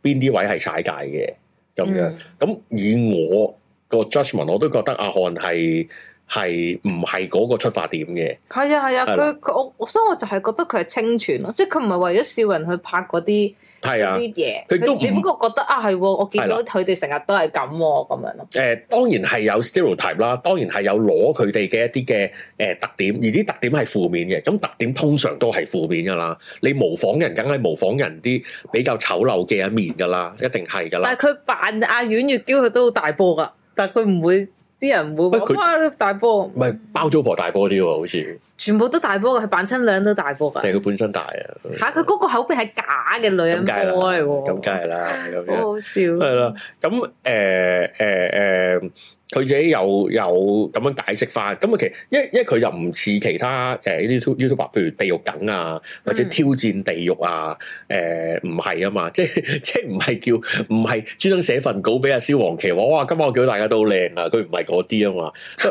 邊啲位係踩界嘅。咁樣，咁、嗯、以我個 judgment 我都覺得阿漢係係唔係嗰個出發點嘅。係啊，係啊，佢佢吧我所以我就係覺得佢係清泉咯，即係佢唔係為咗笑人去拍嗰啲。啲嘢佢都，只不過覺得啊，係喎、啊，我見到佢哋成日都係咁喎，咁樣咯。誒、呃，當然係有 stereotype 啦，當然係有攞佢哋嘅一啲嘅誒特點，而啲特點係負面嘅。咁特點通常都係負面噶啦，你模仿人梗係模仿人啲比較醜陋嘅一面噶啦，一定係噶啦。但係佢扮阿婉月嬌，佢都好大波噶，但係佢唔會。啲人唔會她、啊、大波，唔係包租婆大波啲喎，好似全部都大波嘅，佢扮親女人都大波噶，定佢本身大啊？嚇！佢嗰個口鼻係假嘅女人波嚟喎，咁梗係啦，好 樣好笑，係啦，咁誒誒誒。呃呃呃佢自己又又咁樣解釋翻，咁啊，其實因為佢又唔似其他誒呢啲 YouTuber，譬如地獄梗啊，或者挑戰地獄啊，誒唔係啊嘛，即即唔係叫唔係專登寫份稿俾阿蕭黃奇話，哇！今晚我叫大家都靚啊，佢唔係嗰啲啊嘛。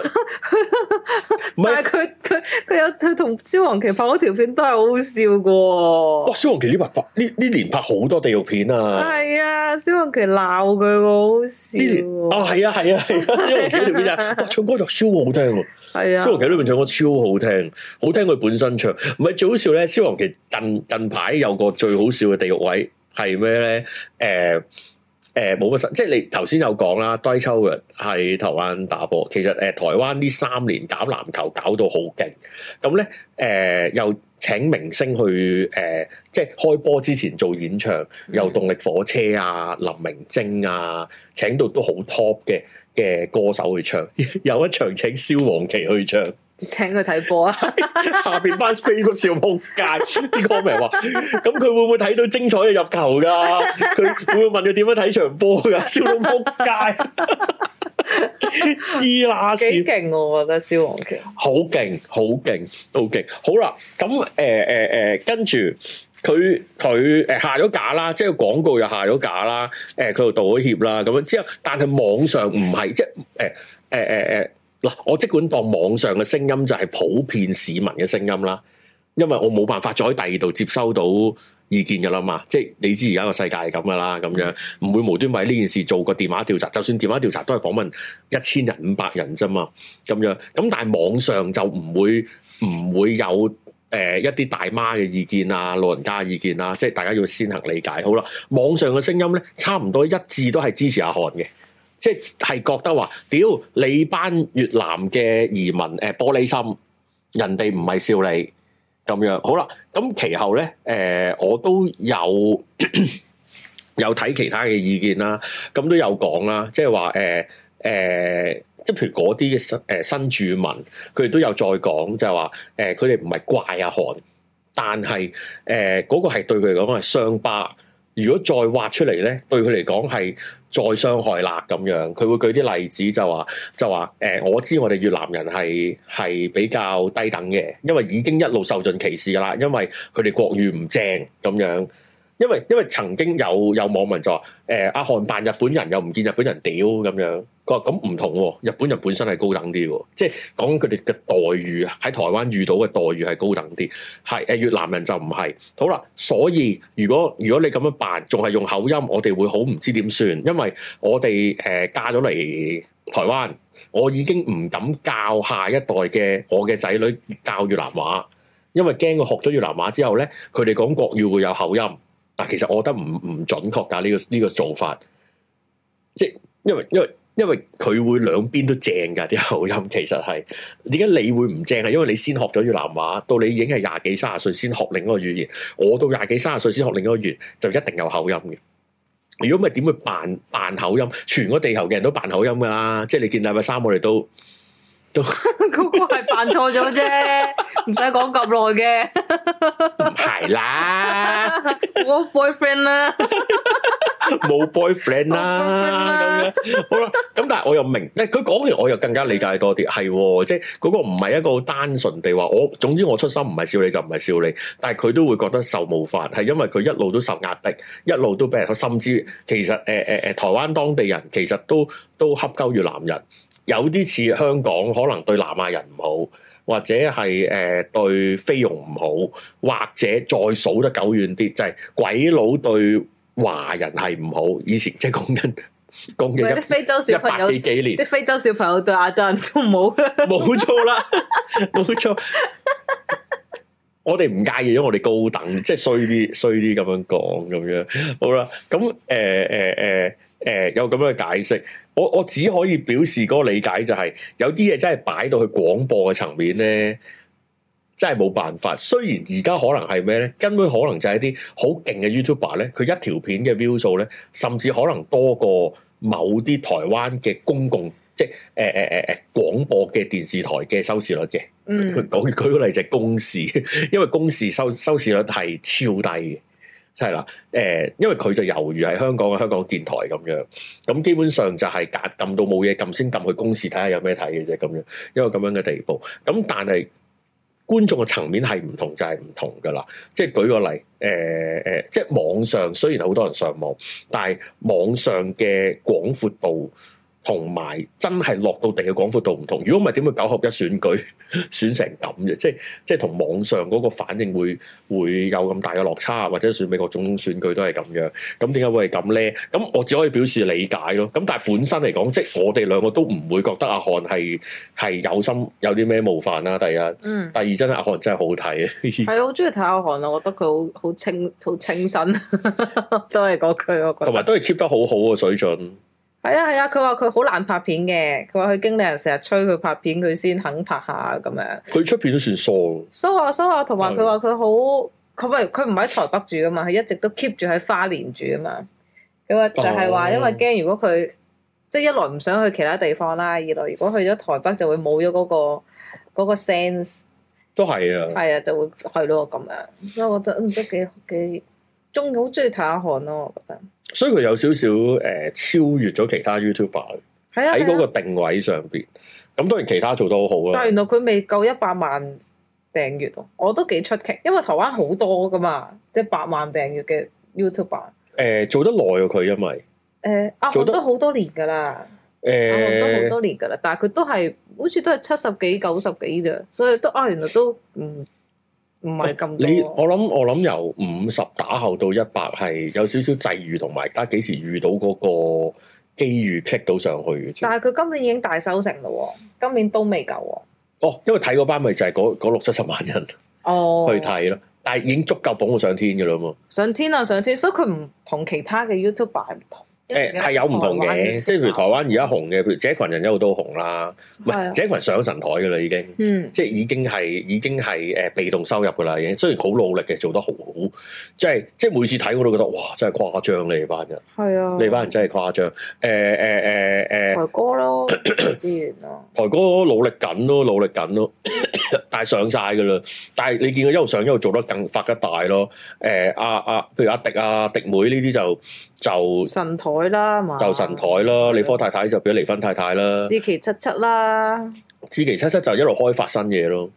是但係佢佢佢有佢同蕭黃奇拍嗰條片都係好好笑嘅。哇、哦！蕭黃奇呢呢呢年拍好多地獄片啊。係啊，蕭黃奇鬧佢好好笑。 哦、是啊，係啊，係啊，蕭煌奇條片啊，哇！唱歌就超好聽，係啊，蕭煌、啊、奇裏面唱歌超好聽，好聽佢本身唱。唔係最好笑咧，蕭煌琪近近排有個最好笑嘅地域位係咩咧？誒誒，冇乜實，即係你頭先有講啦。低秋月係台灣打波，其實誒台灣呢三年搞籃球搞到好勁，咁咧誒又請明星去誒、呃，即係開波之前做演唱，又動力火車啊、林明晶啊，請到都好 top 嘅。嘅歌手去唱， 有一場請蕭煌奇去唱，請佢睇波啊！ 下邊班四咁笑到撲街，啲歌迷話：咁佢會唔會睇到精彩嘅入球噶？佢 會，會問佢點樣睇場波噶？笑到撲街！黐 拉病，幾勁 我覺得蕭煌奇，好勁，好勁，好勁！好啦，咁誒誒誒，跟、欸、住。欸欸欸佢佢誒下咗架啦，即係廣告又下咗架啦，誒、呃、佢又道歉啦，咁樣之後，但係網上唔係即係誒誒誒誒嗱，我即管當網上嘅聲音就係普遍市民嘅聲音啦，因為我冇辦法再喺第二度接收到意見㗎啦嘛，即係你知而家個世界係咁噶啦，咁樣唔會無端為呢件事做個電話調查，就算電話調查都係訪問一千人、五百人咋嘛，咁樣咁但係網上就唔會唔會有。誒、呃、一啲大媽嘅意見啊，老人家意見啊，即係大家要先行理解好啦。網上嘅聲音咧，差唔多一致都係支持阿韓嘅，即係係覺得話屌你班越南嘅移民誒、呃、玻璃心，人哋唔係笑你咁樣。好啦，咁、嗯、其後咧誒、呃，我都有 有睇其他嘅意見啦、啊，咁、嗯、都有講啦、啊，即係話誒誒。呃呃即係譬如嗰啲嘅新新住民，佢哋都有再講，就係話誒，佢哋唔係怪阿韓，但係誒嗰個係對佢嚟講係傷疤，如果再挖出嚟咧，對佢嚟講係再傷害啦咁樣。佢會舉啲例子就話就話誒、呃，我知我哋越南人係係比較低等嘅，因為已經一路受盡歧視啦，因為佢哋國語唔正咁樣，因為因為曾經有有網民就話誒、呃、阿韓扮日本人又唔見日本人屌咁樣。佢話：咁唔同喎、哦，日本人本身係高等啲喎，即係講佢哋嘅待遇喺台灣遇到嘅待遇係高等啲，係誒越南人就唔係。好啦，所以如果如果你咁樣辦，仲係用口音，我哋會好唔知點算，因為我哋誒、呃、嫁咗嚟台灣，我已經唔敢教下一代嘅我嘅仔女教越南話，因為驚佢學咗越南話之後咧，佢哋講國語會有口音。但其實我覺得唔唔準確㗎呢、呢個呢、呢個做法，即係因為因為。因為因為佢會兩邊都正噶啲口音，其實係點解你會唔正啊？因為你先學咗越南話，到你已經係廿幾卅歲先學另一個語言，我到廿幾卅歲先學另一個語言，就一定有口音嘅。如果唔係，點會扮扮口音？全個地球嘅人都扮口音噶啦，即係你見禮拜三，我哋都都，嗰個係扮錯咗啫，唔使講咁耐嘅，唔係啦， 我 boyfriend 啦、啊。 冇 boyfriend 啦、啊、咁 樣， 好啦。咁但係我又明，誒，佢講完我又更加理解多啲，係即係嗰個唔係一個好單純地話，我總之我出心唔係笑你就唔係笑你，但係佢都會覺得受冒犯，係因為佢一路都受壓迫，一路都俾人。甚至其實誒誒誒，台灣當地人其實都都恰鳩越南人，有啲似香港可能對南亞人唔好，或者係誒、呃、對菲傭唔好，或者再數得久遠啲就係、是、鬼佬對。華人係唔好，以前即係講緊講緊。啲喂一非洲小朋友幾幾年，啲非洲小朋友對亞洲人都唔好冇錯啦，冇錯。我哋唔介意，因為我哋高等，即係衰啲，衰啲咁樣講，咁樣好啦。咁誒誒誒誒，有咁樣嘅解釋，我我只可以表示嗰個理解，就係，就係有啲嘢真係擺到去廣播嘅層面咧。真係冇辦法，雖然而家可能係咩咧？根本可能就係一啲好勁嘅 YouTuber 咧，佢一條片嘅 view 數咧，甚至可能多過某啲台灣嘅公共，即係誒誒誒誒廣播嘅電視台嘅收視率嘅。嗯，舉舉個例就公視，因為公視收收視率係超低嘅，係、就、啦、是。誒、欸，因為佢就猶如喺香港嘅香港電台咁樣，咁基本上就係隔撳到冇嘢撳先撳去公視睇下有咩睇嘅啫咁樣，因為咁樣嘅地步。咁但係。觀眾嘅層面係唔同就係、是、唔同㗎喇，即係舉個例，誒、呃、誒，即係網上雖然好多人上網，但係網上嘅廣闊度。同埋真係落到地嘅廣闊度唔同，如果唔係點會九合一選舉 選成咁嘅？即係即係同網上嗰個反應會會有咁大嘅落差，或者選美國總統選舉都係咁樣。咁點解會係咁咧？咁我只可以表示理解咯。咁但係本身嚟講，即係我哋兩個都唔會覺得阿韓係係有心有啲咩冒犯啦、啊。第一，嗯，第二真係阿韓真係好睇，係 啊，我中意睇阿韓啊，我覺得佢好好清好清新， 都係嗰句我覺得，同埋都係 keep 得好好嘅水準。係啊，係啊，佢話佢好難拍片嘅，佢話佢經理人成日催佢拍片，佢先肯拍下咁樣。佢出片都算疏咯。疏啊，疏啊，同埋佢話佢好，佢唔佢唔喺台北住噶嘛，佢一直都 keep 住喺花蓮住啊嘛。佢話就係話因為驚，如果佢即係一來唔想去其他地方啦，二來如果去咗台北就會冇咗嗰個、嗰個 sense 都。都係啊。係啊，就會係咯咁樣，所以我覺得嗯都幾幾，鍾意好鍾意睇下韓咯，我覺得。嗯所以佢有少少誒、呃、超越咗其他 YouTuber 喺嗰、啊、個定位上邊，咁、啊、當然其他做得好好啦。但係原來佢未夠一百萬訂閱咯，我都幾出奇，因為台灣好多噶嘛，即、就、係、是、百萬訂閱嘅 YouTuber。誒、呃，做得耐啊佢，因為誒、呃、阿浩得都好多年噶啦，呃、阿浩都好多年噶啦，但係佢都係好似都係七十幾、九十幾咋，所以都啊原來都嗯。唔係咁，你我諗我諗由五十打後到一百係有少少際遇同埋，家幾時遇到嗰個機遇踢到上去？但係佢今年已經大收成咯，今年都未夠喎。哦，因為睇嗰班咪就係嗰六七十萬人去哦去睇咯，但係已經足夠捧佢上天㗎啦嘛。上天啊，上天！所以佢唔同其他嘅 YouTuber 係唔同。誒，係有唔同嘅，即係譬如台灣而家紅嘅，譬如這群人一路都紅啦，唔係這群上神台噶啦，已經，嗯，即係已經係，已經係誒被動收入噶啦，已經，雖然好努力嘅，做得好好，即係即係每次睇我都覺得哇，真係誇張咧，你班人，係啊，你班人真係誇張，誒誒誒誒，台哥咯，資源咯，台哥努力緊咯，努力緊咯，但係上晒噶啦，但係你見佢一路上一路做得更發得大咯，誒阿阿，譬如阿迪啊、迪妹呢啲就。就神台啦，就神台啦，你是的 科太太就變咗離婚太太啦。志奇七七啦，志奇七七就一路開發新嘢咯。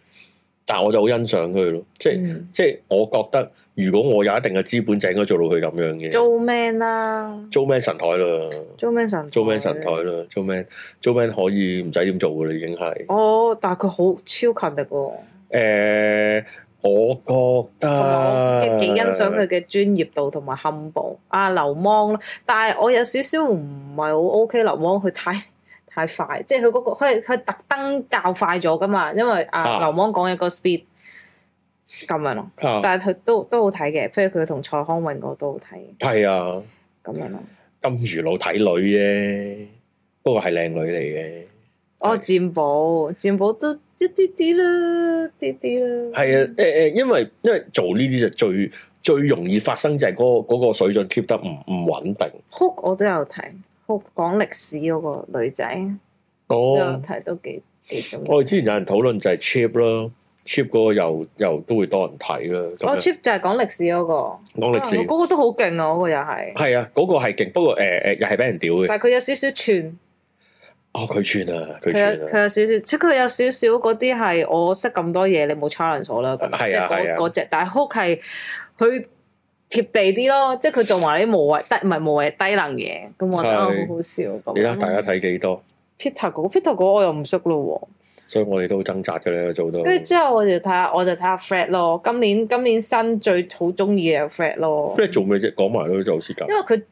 但係我就好欣賞佢咯，即係、嗯、即係，我覺得如果我有一定嘅資本，淨係可以做到佢咁樣嘅。做、嗯、man 啦，做 man 神台啦，做 man 神，做 man 神台啦，做 man，做 man 可以唔使點做噶啦，已經係。哦，但係佢好超勤力。誒、哎。我覺得同埋我幾欣賞佢嘅專業度同埋堪步。阿劉芒咯，但係我有少少唔係好 OK，劉芒佢太太快，即係佢嗰個佢佢特登較快咗噶嘛。因為阿、啊啊、劉芒講嘅個 speed 咁樣咯，啊、但係佢都都好睇嘅，譬如佢同蔡康永嗰個都好睇。係啊，咁樣咯。金魚佬睇女啫，不過係靚女嚟嘅。哦、啊，占寶占寶都。一啲啲啦，啲啲啦。係啊、嗯，誒誒，因為因為做呢啲就最最容易發生就係嗰、嗰個、嗰個水準 keep 得唔唔穩定。酷我都有睇酷講歷史嗰個女仔、oh,，都有睇都幾幾中。我哋之前有人討論就係 cheap 啦，cheap 嗰個又又，又都會多人睇啦。哦、oh,，cheap 就係講歷史嗰、嗰個講歷史，嗰個都好勁啊，嗰、嗰個又係。係、嗰個、啊，嗰、嗰個係勁，不過誒誒又係俾人屌嘅，但係佢有少少串。哦，佢串，串小小小小啊，佢串那，佢有少少，即佢有少少嗰啲係我識咁多嘢，你冇 challenge 我啦，即係嗰嗰隻。但係 h 係佢貼地啲咯，即係佢做埋啲無謂低，唔係無謂低能嘢，咁我覺得好好笑。而家、啊、樣大家睇幾多？Peter 嗰、那個、Peter 嗰個我又唔識咯，所以我哋都好掙扎嘅咧，做到。跟住之後我就睇下，我就睇下 Fred 咯。今年今年新最好中意嘅 Fred 咯。Fred 做咩啫？講埋咯就好似咁。因為佢。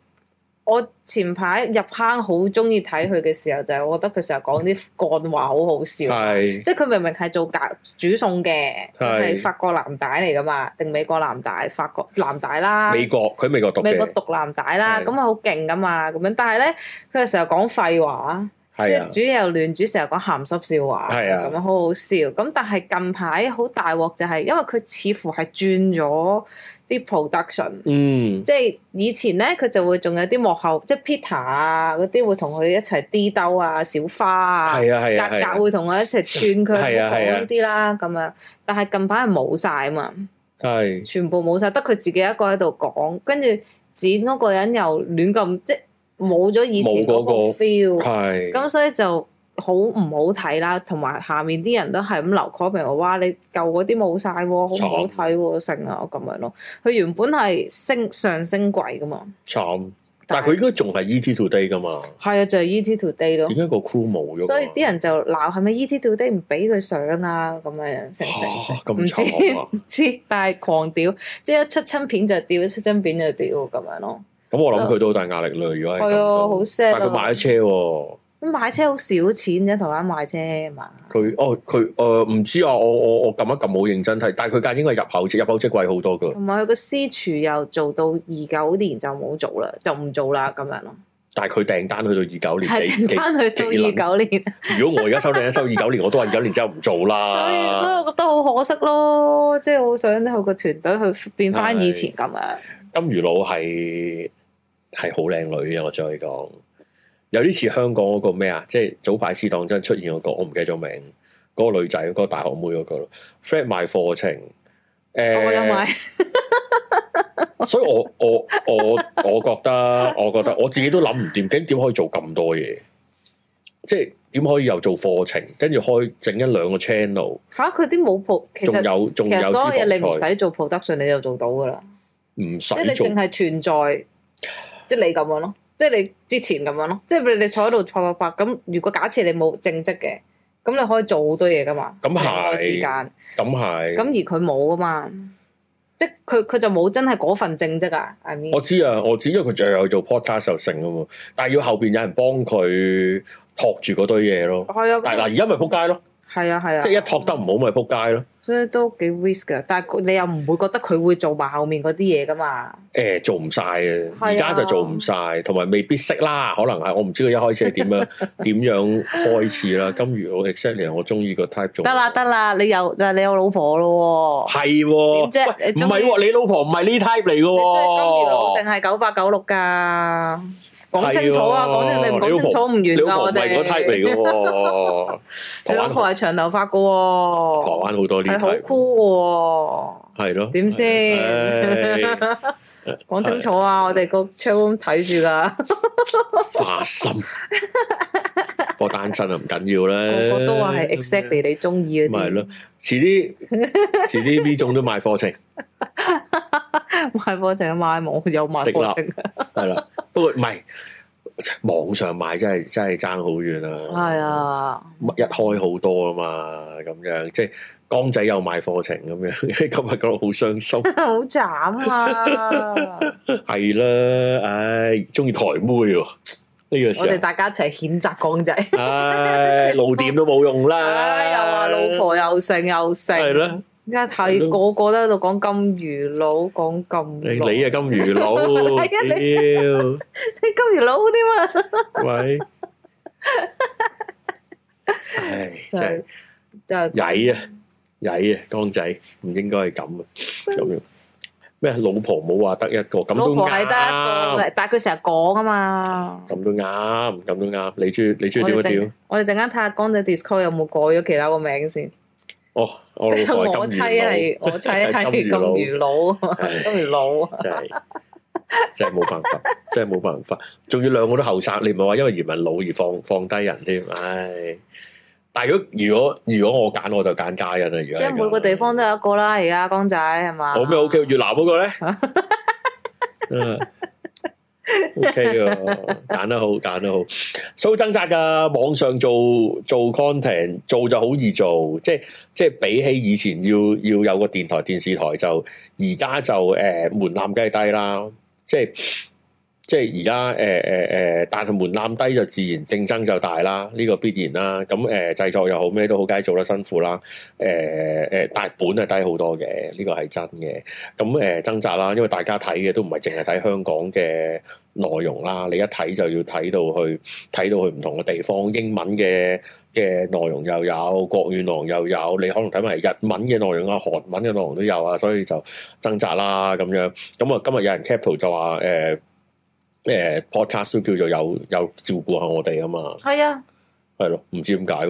我前排入坑好中意睇佢嘅時候，就係、是、我覺得佢成日講啲幹話好好笑，是即係佢明明係做隔煮餸嘅，係是法國藍帶嚟㗎嘛，定美國藍帶？法國藍帶啦，美國佢美國讀，美國讀藍帶啦，咁啊好勁㗎嘛，咁樣。但係咧，佢又成日講廢話，啊、即係煮又亂煮成日講鹹濕笑話，咁、啊、樣好好笑。咁但係近排好大鑊就係、是，因為佢似乎係轉咗。啲 production，嗯，即係以前咧，佢就會仲有啲幕後，即係 Peter 啊嗰啲會同佢一齊 D 兜啊、小花啊，格格會同佢一齊串佢好啲啦咁樣。係啊係啊，但係近排係冇晒啊嘛，係全部冇晒，得佢自己一個喺度講，跟住剪嗰個人又亂咁，即係冇咗以前嗰個 feel，咁所以就。好唔好睇啦？同埋下面啲人都係咁留 comment 話，哇，你舊嗰啲冇晒，慘好唔好睇？成啊咁樣咯。佢原本係升上，升軌噶嘛。慘！但係佢應該仲係 E T to day 噶嘛。係但啊，就係 E T to day 咯。而家個 cool 冇咗。所以啲人就鬧，係咪 E T to day 唔俾佢上啊？咁樣樣成成成唔知？唔知。但係狂屌，即係一出新片就屌，一出新片就屌咁樣咯。咁我諗佢都好大壓力啦。如果係，係啊，好 sad。但佢買咗車。買車好少錢啫，台灣買車嘛？佢哦，佢誒，唔、呃、知啊，我我我撳一撳，我，我冇認真睇，但係佢價應該入口車，入口車貴好多噶。同埋佢個私廚又做到二九年就冇做啦，就唔做啦咁樣咯。但係佢訂單去到二九年，係訂是幾單去到二九年。乎 如果我而家收訂單收二九年， 我都話二九年之後唔做啦。所以所以我覺得好可惜咯，即係好想佢個團隊去變翻以前咁樣。金魚佬係係好靚女啊，我再講。有啲似香港嗰個咩啊？即係早排試當真出現、那個我唔記咗名，嗰、那個女仔，嗰、那個大學妹嗰、那個，sell 賣課程。欸、我有也買。 所以我我我我覺得，我覺得我自己都諗唔掂，驚點可以做咁多嘢？即係點可以又做課程，跟住開整一兩個 channel？吓，佢啲冇鋪，其實有，仲有。所以你唔使做 production，你就做到噶啦。唔使。即係淨係存在，即、就、係、是、你咁樣咯。即係你之前咁樣咯，即係你你坐喺度拍拍拍咁。如果假設你冇正職嘅，咁你可以做好多嘢噶嘛。咁下個時間，咁係，咁是而佢冇噶嘛，即係佢佢就冇真係嗰份正職 I mean, 啊。我知啊，我知，因為佢仲有做 podcast 又成噶嘛，但係要後邊有人幫佢托住嗰堆嘢咯。係啊，但嗱而家咪撲街咯，係啊係啊，啊啊即係一托得唔好咪撲街咯。所以都幾 risk 嘅，但係你又唔會覺得佢會做埋後面嗰啲嘢㗎嘛？誒、呃，做唔晒啊！而家就做唔晒，同埋未必識啦。可能係我唔知佢一開始係點樣點 樣開始啦。今月 exactly，我 exactly 我中意個 type 做。得啦得啦，你有啊？你有老婆咯？係喎、啊。點唔係喎，你老婆唔係呢 type 嚟嘅喎。你今月佬定係九八九六㗎？講清楚啊！講你唔講清楚唔完噶，我哋唔係嗰 type 嚟噶。台灣台係長頭髮噶。台灣好多呢 type。好酷喎，係咯？點先？講清楚啊！我哋個 channel 睇住噶。花心，我單身啊，唔緊要咧。我都話係 exactly 你中意嗰啲。唔係咯，遲啲遲啲呢種都賣課程，賣課程賣冇，又賣課程。係啦。不過唔係網上買真係真係爭好遠啊！係啊，一開好多啊嘛，咁樣即係江仔又賣課程咁樣，今日覺得好傷心，好慘 啊！係啦、 啊，唉、哎，中意台妹喎、啊，呢、這個事我哋大家一齊譴責江仔，露、 哎、點都冇用啦、哎，又話老婆又剩又剩，係咯、 啊。而家係個個都喺度講金魚佬，講金，你你啊金魚佬，你金魚佬添啊！喂，唉，真係就曳啊曳啊，光仔唔應該係咁啊咁樣咩？老婆冇話得一個，咁都啱。但係佢成日講啊嘛，咁都啱，咁都啱。你中意你中意點就點。我哋陣間睇下光仔 Discord 有冇改咗其他個名先。哦，我老婆係金魚佬，我妻係金魚佬，金魚佬是， 真係真係冇辦法， 真係冇辦法，仲要兩個都後生，你唔係話因為移民老而放放低人添，唉！但係如果如果如果我揀，我就揀家人啦。即係每個地方都有一個啦，而家江仔係嘛？我咩好叫越南嗰個咧？嗯。 O K 啊，揀得、okay、好，揀得好，好、so, 掙扎噶。網上做做 content 做就好易做，即係即係比起以前要要有個電台電視台就而家就誒、呃、門檻梗係低啦，即係。即係而家誒誒誒，但係門檻低就自然競爭就大啦，呢個必然啦。咁誒、呃、製作又好咩都好，梗係做得辛苦啦。誒、呃、誒，大本係低好多嘅，呢個係真嘅。咁誒掙扎啦，因為大家睇嘅都唔係淨係睇香港嘅內容啦。你一睇就要睇到去睇到去唔同嘅地方，英文嘅嘅內容又有，國語內容又有，你可能睇埋日文嘅內容啊、韓文嘅內容都有啊，所以就掙扎啦咁樣。咁、嗯、啊，今日有人 cap 圖就話誒。呃誒、呃、，podcast 都叫做有有照顧下我哋啊嘛，係啊，係咯， 唔知點解，好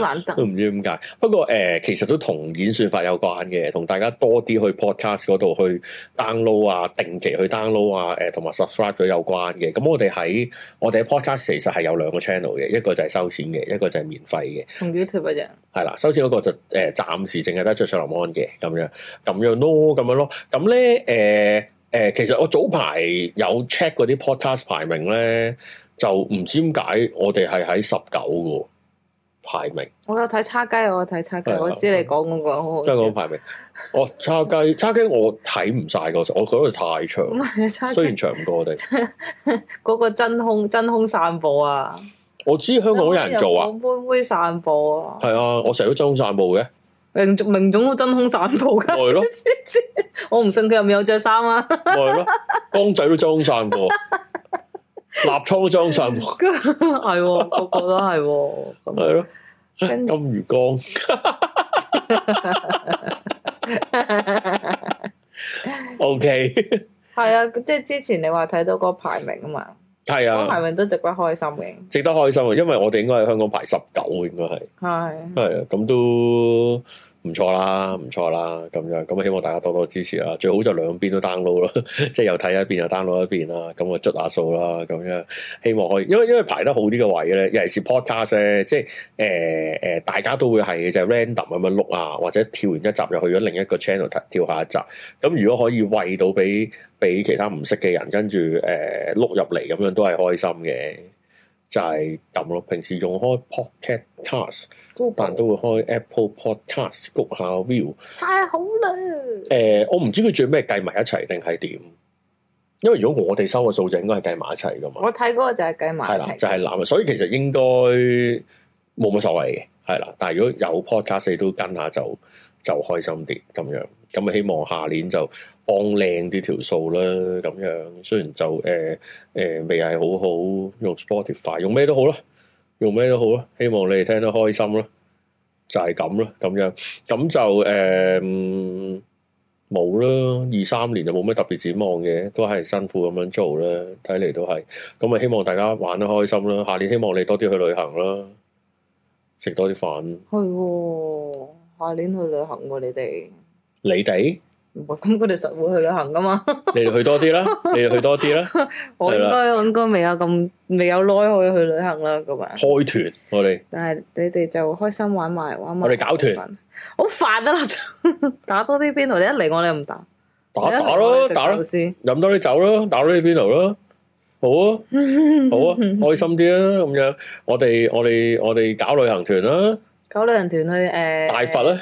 難得，都唔知點解。不過誒、呃，其實都同演算法有關嘅，同大家多啲去 podcast 嗰度去 download 啊，定期去 download 啊，誒、呃，同埋 subscribe 咗有關嘅。咁、嗯、我哋喺我哋嘅 podcast 其實係有兩個 channel 嘅，一個就係收錢嘅，一個就係免費嘅。同 YouTube 一樣。係啦，收錢嗰個就誒，暫、呃、時淨係得著上林安嘅，咁樣咁樣咯，咁樣咯。咁咧誒。誒，其實我早排有 check 嗰啲 podcast 排名咧，就唔知點解我哋係喺十九個排名。我有睇叉雞，我有睇叉雞，的我知你講嗰個即係講排名。哦，叉雞，叉雞我睇唔晒嘅，我覺得太長。唔係，雖然長唔過我哋嗰 個真空真空散步啊！我知香港都有人做啊，妹妹散步。啊。係啊，我成日都真空散步嘅。名族名種都真空散到嘅的， 我唔信佢入面有着衫啊！係咯，缸仔都真空散過， 立倉都真空散過，係， 個個都係，係咯的，樣金魚缸，OK，係啊，即係之前你話睇到個排名啊嘛。係啊，排名都值得開心嘅，值得開心啊！因為我哋應該係香港排十九，應該係係係啊，咁、啊啊、都。唔錯啦，唔錯啦，咁樣咁希望大家多多支持啦。最好就兩邊都 download 咯，即係又睇一邊又 download 一邊啦，咁 啊，捽下數啦，咁樣希望可以，因為因為排得好啲嘅位咧，尤其是 podcast 咧，即係誒誒，大家都會係嘅就係、random 咁樣碌啊，或者跳完一集又去咗另一個 channel 跳下一集。咁如果可以餵到俾俾其他唔識嘅人跟住誒碌入嚟，咁、呃、樣都係開心嘅。就係抌咯，平時用開 Podcast，Google. 但都會開 Apple Podcast，谷下 view。太好啦！誒、呃，我唔知佢最尾計埋一齊定係點，因為如果我哋收嘅數就應該係計埋一齊噶嘛。我睇嗰個就係計埋，一齊就係、是、攬，所以其實應該冇乜所謂嘅，係啦。但係如果有 Podcast 你都跟下就就開心啲，咁樣咁啊，希望下年就。幫靚啲條數啦，咁樣雖然就誒誒、呃呃、未係好好用 Spotify，用咩都好啦，用咩都好啦，希望你哋聽得開心啦，就係咁啦。咁樣咁就誒冇啦，二三年就冇咩特別展望嘅，都係辛苦咁樣做啦。睇嚟都係，咁啊希望大家玩得開心啦，下年希望你多啲去旅行啦，食多啲飯，係，下年去旅行你哋，你哋。你咁佢哋實會去旅行噶嘛？你哋去多啲啦，你哋去多啲啦。我應該我應該未有咁未有耐去去旅行啦。咁啊，開團我哋。但係你哋就開心玩埋玩埋。我哋搞團，好煩啊！打多啲邊度，你一嚟我哋又唔打，打打咯，打咯，飲多啲酒咯，打多啲邊度咯，好啊，好啊，開心啲啊！咁樣，我哋我哋我哋搞旅行團啦，搞旅行團去誒大佛啦！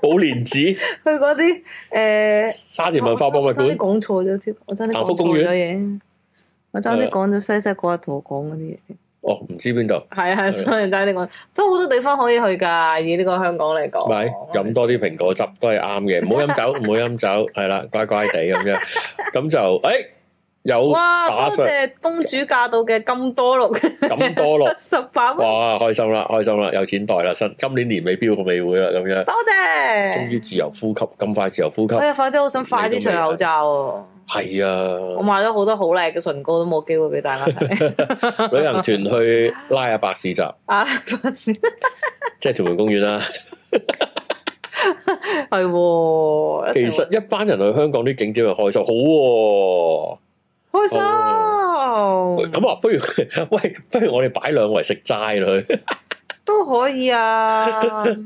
寶蓮寺， 去嗰啲誒，沙、呃、田文化博物館、哦，我爭啲講錯咗添，我爭啲講錯咗嘢，我爭啲講咗細細個同我講嗰啲嘢。哦，唔知邊度？係啊，所以爭啲講，是啊、都好多地方可以去噶。以呢個香港嚟講，咪飲、啊、多啲蘋果汁都係啱嘅，唔好飲酒，唔好飲酒，係啦，乖乖地咁 樣，咁就誒。哎有多謝公主嫁到嘅金多禄，金多禄十八蚊。哇，開心啦，開心啦，有錢袋啦，新今年年尾標個美會啦，咁樣多謝，終於自由呼吸咁快，自由呼吸。哎呀，快啲，我想快啲除口罩。係啊，我買咗好多好靚嘅唇膏都冇機會俾大家睇。旅行團去拉阿伯市集，阿伯即係屯門公園啦。係，其實一班人去香港啲景點又開心，好。開心咁啊！哦、不如喂，不如我哋擺兩圍食齋佢都可以啊！去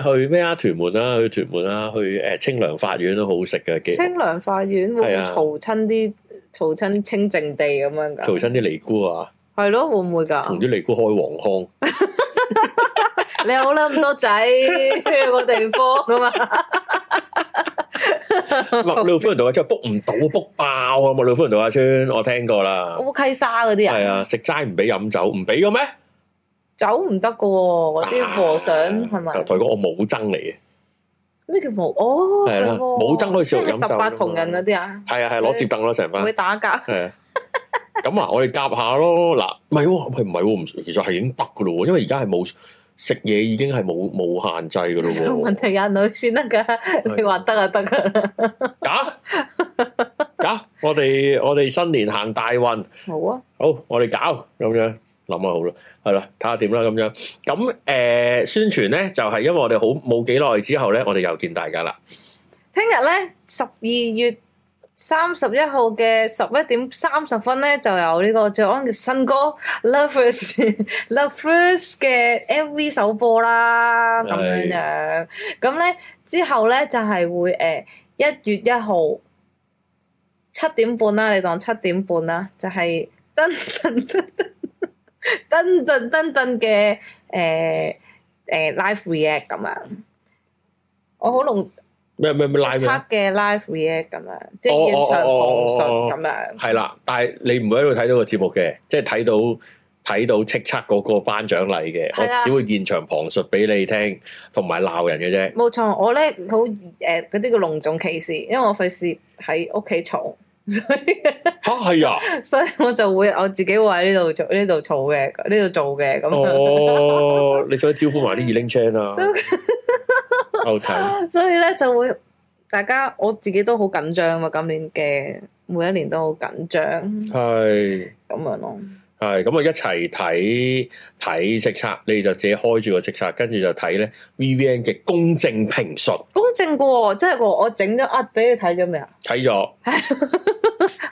去咩啊？屯門啊，去屯門啊，去誒清涼法院都好食嘅、啊。清涼法院會唔會嘈親啲嘈親清靜地咁樣噶？嘈親啲尼姑啊？係咯，會唔會噶？同啲尼姑開黃腔？ 你又諗咁多仔 去個地方咁啊？ 六道夫人亞川真係 book 唔到 book 爆啊！麥道夫道阿川，我聽過啦。烏溪沙嗰啲人係啊，食齋唔俾飲酒，唔俾嘅咩？ 酒唔得嘅，嗰啲和尚係咪？台哥，我冇憎你嘅。咩叫冇？哦，冇憎嗰時，即係十八銅人嗰啲啊。係啊係，攞折凳啦成班，會打格。係 啊，咁啊，我哋夾下咯。嗱，唔係，唔係，唔、就是，其實係已經得嘅咯。因為而家係冇。食嘢已經係冇冇限制噶咯喎，問題有女先得噶，你話得啊得噶，搞搞，我哋我哋新年行大運，好啊，好，我哋搞咁樣諗下好啦，係啦，睇下點啦咁樣，咁誒宣傳咧就係因為我哋好冇幾耐之後咧，我哋又見大家啦，聽日咧十二月三十一號嘅十一點三十分咧，就有呢個最安嘅新歌《Lovers》《Lovers》嘅 MV 首播啦，咁樣樣。咁咧之後咧就係會誒一月一號七點半啦，你當七點半啦，就係噔噔噔噔噔噔噔噔嘅誒誒 Live React 咁樣！我好濃。咩咩咩 live 嘅 live 咁樣，即係現場旁述咁樣。係啦，但係你唔會喺度睇到個節目嘅，即係睇到睇到叱咤嗰個頒獎禮嘅，我只會現場旁述俾你聽，同埋鬧人嘅啫。冇錯，哦，錯我咧好誒，嗰啲叫隆重其事，因為我費事喺屋企嘈。吓係啊，所以我就會我自己會喺呢度做呢度嘈嘅呢度做嘅咁樣。哦，你想招呼埋啲二零 c h 啊？Okay. 所以咧就會大家我自己都好緊張嘛，今年嘅每一年都好緊張。係咁是樣咯，係咁啊！我一齊睇睇叱咤，你就自己開住個叱咤，跟住就睇咧 VVN 嘅公正評述。公正過、哦，即係我我整咗啊！俾你睇咗未啊？睇咗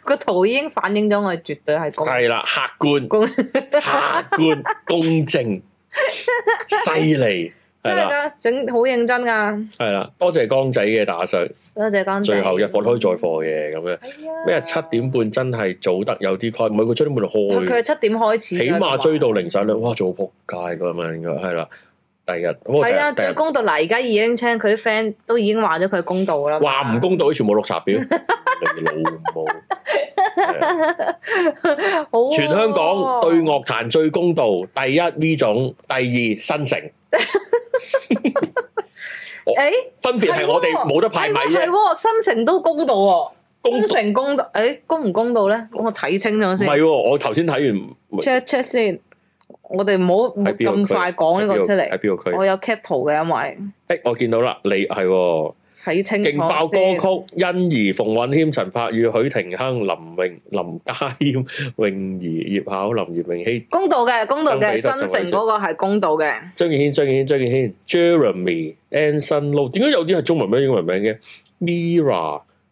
個圖已經反映咗我絕對係公係啦，客觀、公客觀 公、公正、犀利。真係噶，整好認真噶。係啦，多謝江仔嘅打賞。多謝江仔。最後一課可以再課嘅咁樣。咩七點半真係早得有啲誇，唔係佢七點半就開。佢係七點開始，起碼追到凌晨啦。嗯、哇，早仆街咁樣噶，應該係啦、嗯。第日係啊，一公道嗱！而家已經聽佢啲 friend 都已經話咗佢公道啦。話唔公道，公道全部綠茶表， 全香港對樂壇最公道，好哦、第一呢種，第二新城。誒、 哎，分別係我哋冇得派米啫。新城都公道，公道新城公道，誒、哎，公唔公道咧？咁我睇清咗、啊、先。唔係，我頭先睇完 check check 先。我哋唔好咁快講呢個出嚟。我有 keep 圖嘅，因為誒、欸，我見到啦，你係睇、哦、清勁爆歌曲，欣宜、馮允謙、陳柏宇、許廷鏗、林穎、林家謙、泳兒、葉巧林、葉榮希。公道嘅，公道嘅新城嗰個係公道嘅。張敬軒，張敬軒，張敬軒 Jeremy、Anson 點解有啲係中文名、英文名嘅？Mira。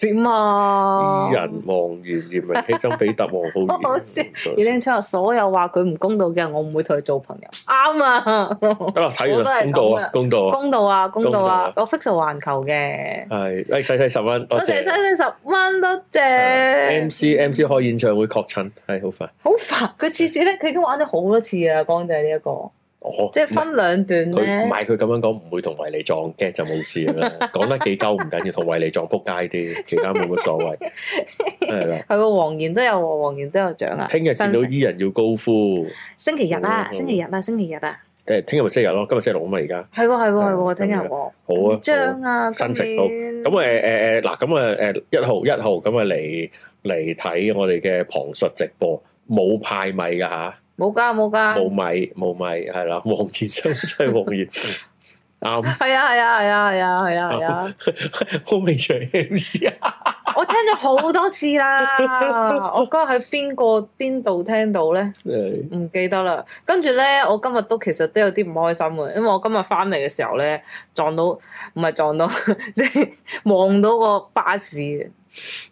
點啊！伊人望完，而明係希森比達望好完、啊。 好笑，而聽出嚟所有話佢唔公道嘅人，我唔會同佢做朋友。啱了啊！ 啊，睇完公道啊，公道啊，公道啊，公道啊，我 fix 住環球嘅。係，哎，使使十蚊。多謝，使使十蚊，多謝。啊、MC MC 開演唱會確診，係好煩。好煩，佢次次咧，佢已經玩咗好多次啦。光仔呢一個。即係分兩段佢唔係佢咁樣講，唔會同維尼撞 g 就冇事啦。講得幾鳩唔緊要，同維尼撞撲街啲，其他冇乜所謂。係啦，係喎，黃賢都有，黃賢都有獎啊！聽日見到伊人要高呼。星期日啊，星期日啊，星期日啊。即係聽日咪星期日咯，今日星期六啊嘛，而家。係喎係喎係喎，聽日好啊。張啊，新城。好。咁誒誒誒，嗱，咁啊誒一號一號，咁啊嚟嚟睇我哋嘅旁述直播，冇派米噶吓。冇㗎冇㗎，冇米冇米，係啦，望言真真係望言啱，係啊係啊係啊係啊係啊，好名嘴 M C 啊！我聽咗好多次啦， 我嗰日喺邊個邊度聽到咧？唔 記得啦。跟住咧，我今日都其實都有啲唔開心嘅，因為我今日翻嚟嘅時候咧，撞到，唔係撞到，即 係望到個巴士。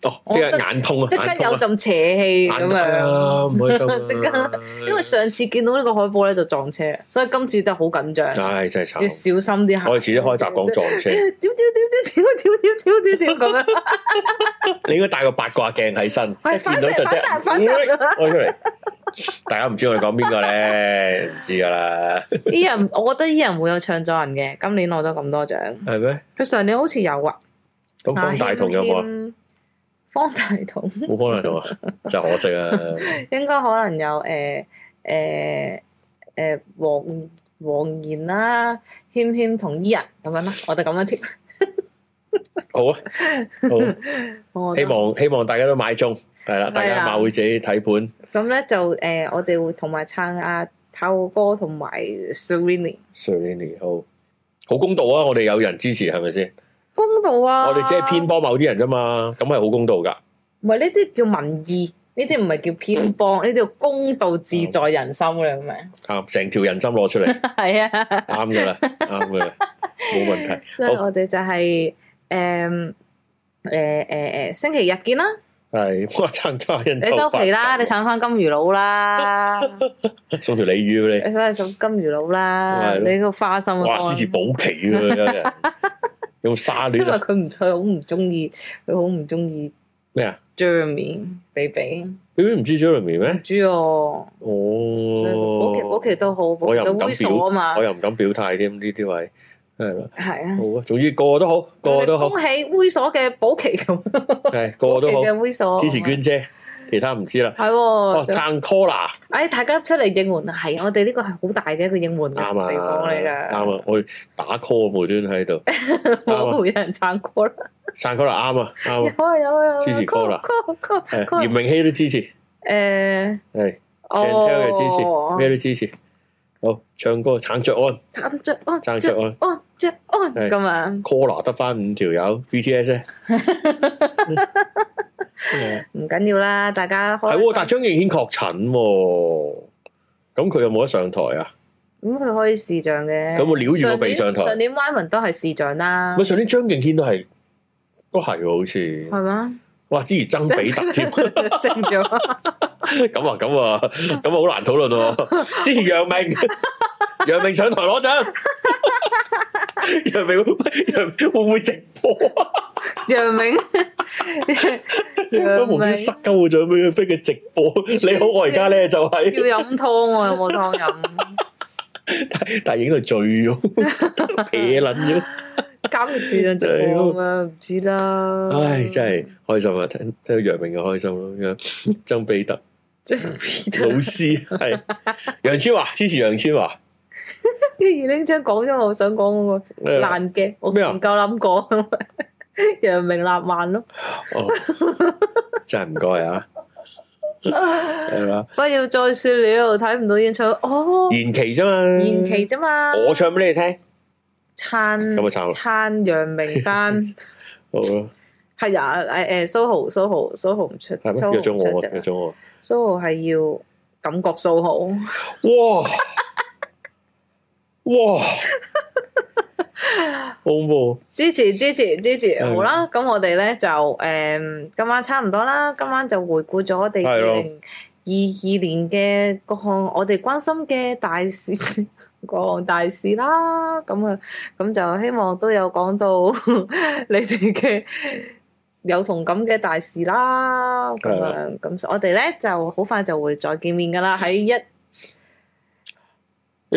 哦，即係眼痛啊！即刻有陣邪氣咁樣，唔開心啊，即刻，因為上次見到呢個海波咧就撞車，所以今次都好緊張。唉，真係慘，要小心啲行。我哋遲啲開集講撞車。跳跳跳跳跳跳跳跳跳咁樣，你應該帶個八卦鏡喺身，一見到就即係。我出嚟，大家唔知我哋講邊個咧，唔知噶啦。啲人，我覺得啲人會有唱作人嘅，今年攞咗咁多獎，係咩？佢上年好似有啊，咁方大同音樂。方大同冇方大同啊，真係可惜啊！應該可能有誒誒誒黃黃然啦、啊，謙謙同伊人咁樣啦，我哋咁樣貼。 好啊，好， 覺得 希望希望大家都買中，係啦，啊、大家買會自己睇盤。咁咧就誒、欸，我哋會同埋撐阿炮哥同埋 Serrini，Serrini 好，好公道啊！我哋有人支持，係咪先？公道啊！我哋只係偏幫某啲人啫嘛，咁係好公道噶。唔係呢啲叫民意，呢啲唔係叫偏幫，呢啲叫公道自在人心嘅咁啊！成條人心攞出嚟。係啊，啱噶啦，啱噶啦，冇問題。所以我哋就係誒誒誒誒，星期日見啦。係我參加，你收皮啦，你撐翻金魚佬啦，送條鯉魚俾你，你翻送金魚佬啦，你個花心啊！哇，支持保期啊！哈哈。因為佢唔佢好唔中意佢好唔中意咩啊？Jeremy，B B，B B 唔知 Jeremy 咩？唔知哦。哦，寶奇，寶奇都好，我又唔敢表啊嘛，我又唔敢表態添，呢啲位係啦。係啊，好啊，總之個個都好，個個都好，恭喜猥瑣嘅寶奇咁係，個個都好，猥瑣支持娟姐！其他唔知啦，係哦撐 call 啦！哎，大家出嚟應援啊！係，我哋呢個係好大嘅一個應援嘅地方嚟嘅。啱啊，我打 call 無端喺度，有人撐 call 啦！撐 call 啦，啱啊，啱啊！支持 call 啦，call call call！葉明熙都支持，誒係全廳嘅支持，咩都支持。好，唱歌撐卓安，撐卓安，撐卓安，卓安，係咁啊！call 啦，得翻五條友，BTS 咧。唔緊要啦，大家係，但係張敬軒確診，咁佢有冇得上台啊？咁佢、嗯、可以視像嘅，有冇撩住個鼻上台？上年 Wyman 都係視像啦，喂，上年張敬軒都係，都係好似係咩？哇！之前曾比特添，正咗咁啊，咁啊，咁啊，好難討論。之前楊明，楊明上台攞獎，楊 明，楊會唔會直播？楊 明，楊明無端塞鳩咗咩？俾佢直播？舒舒你好，我而家咧就係要飲湯啊！有冇湯飲 ？但但已經係醉咗，邪捻咗。三啊，唔知啦。唉，真係開心啊！聽聽到楊明就開心咯，張彼特，即彼得老師係楊千嬅支持楊千嬅。二零張講咗，我想講個爛嘅，我唔夠諗講。楊明立萬咯，真係唔該啊！係嘛？不要再笑了，睇唔到演唱。哦。延期啫嘛，延期啫嘛。我唱俾你聽。餐餐楊明山，係 啊誒誒、哎哎、，soho soho soho 唔出,嗎唔出約咗我，約咗我，soho 係要感覺 soho，哇哇，哇 好恐怖支！支持支持支持，好啦，咁的我哋咧就誒、嗯，今晚差唔多啦，今晚就回顧咗我哋二零二二年嘅各項我哋關心嘅大事。的 過往大事啦，咁啊，咁就希望都有講到呵呵你哋嘅有同感嘅大事啦。咁樣咁，我哋咧就好快就會再見面噶啦，喺一一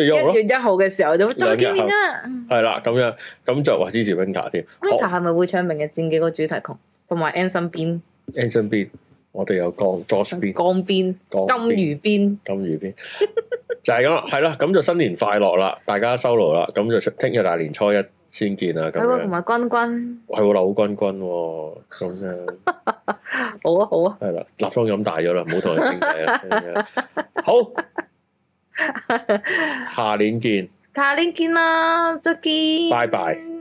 月一號嘅時候就再，再見面啦。係啦，咁樣咁就話支持 Winter 添。Winter 係咪會唱《明、哦、日戰記》個主題曲同埋 Anson Bean？Anson Bean。我哋有 Bin, 江邊江邊邊，江邊金魚邊，金魚邊 就係咁啦，係啦，咁就新年快樂啦，大家收爐啦，咁就聽日大年初一先見啦，咁樣同埋君君，係我老君君咁樣、哦嗯 啊，好啊好啊，係啦，立松飲大咗啦，唔好同佢傾偈啦，好，下年見，下年見啦，再見，拜拜。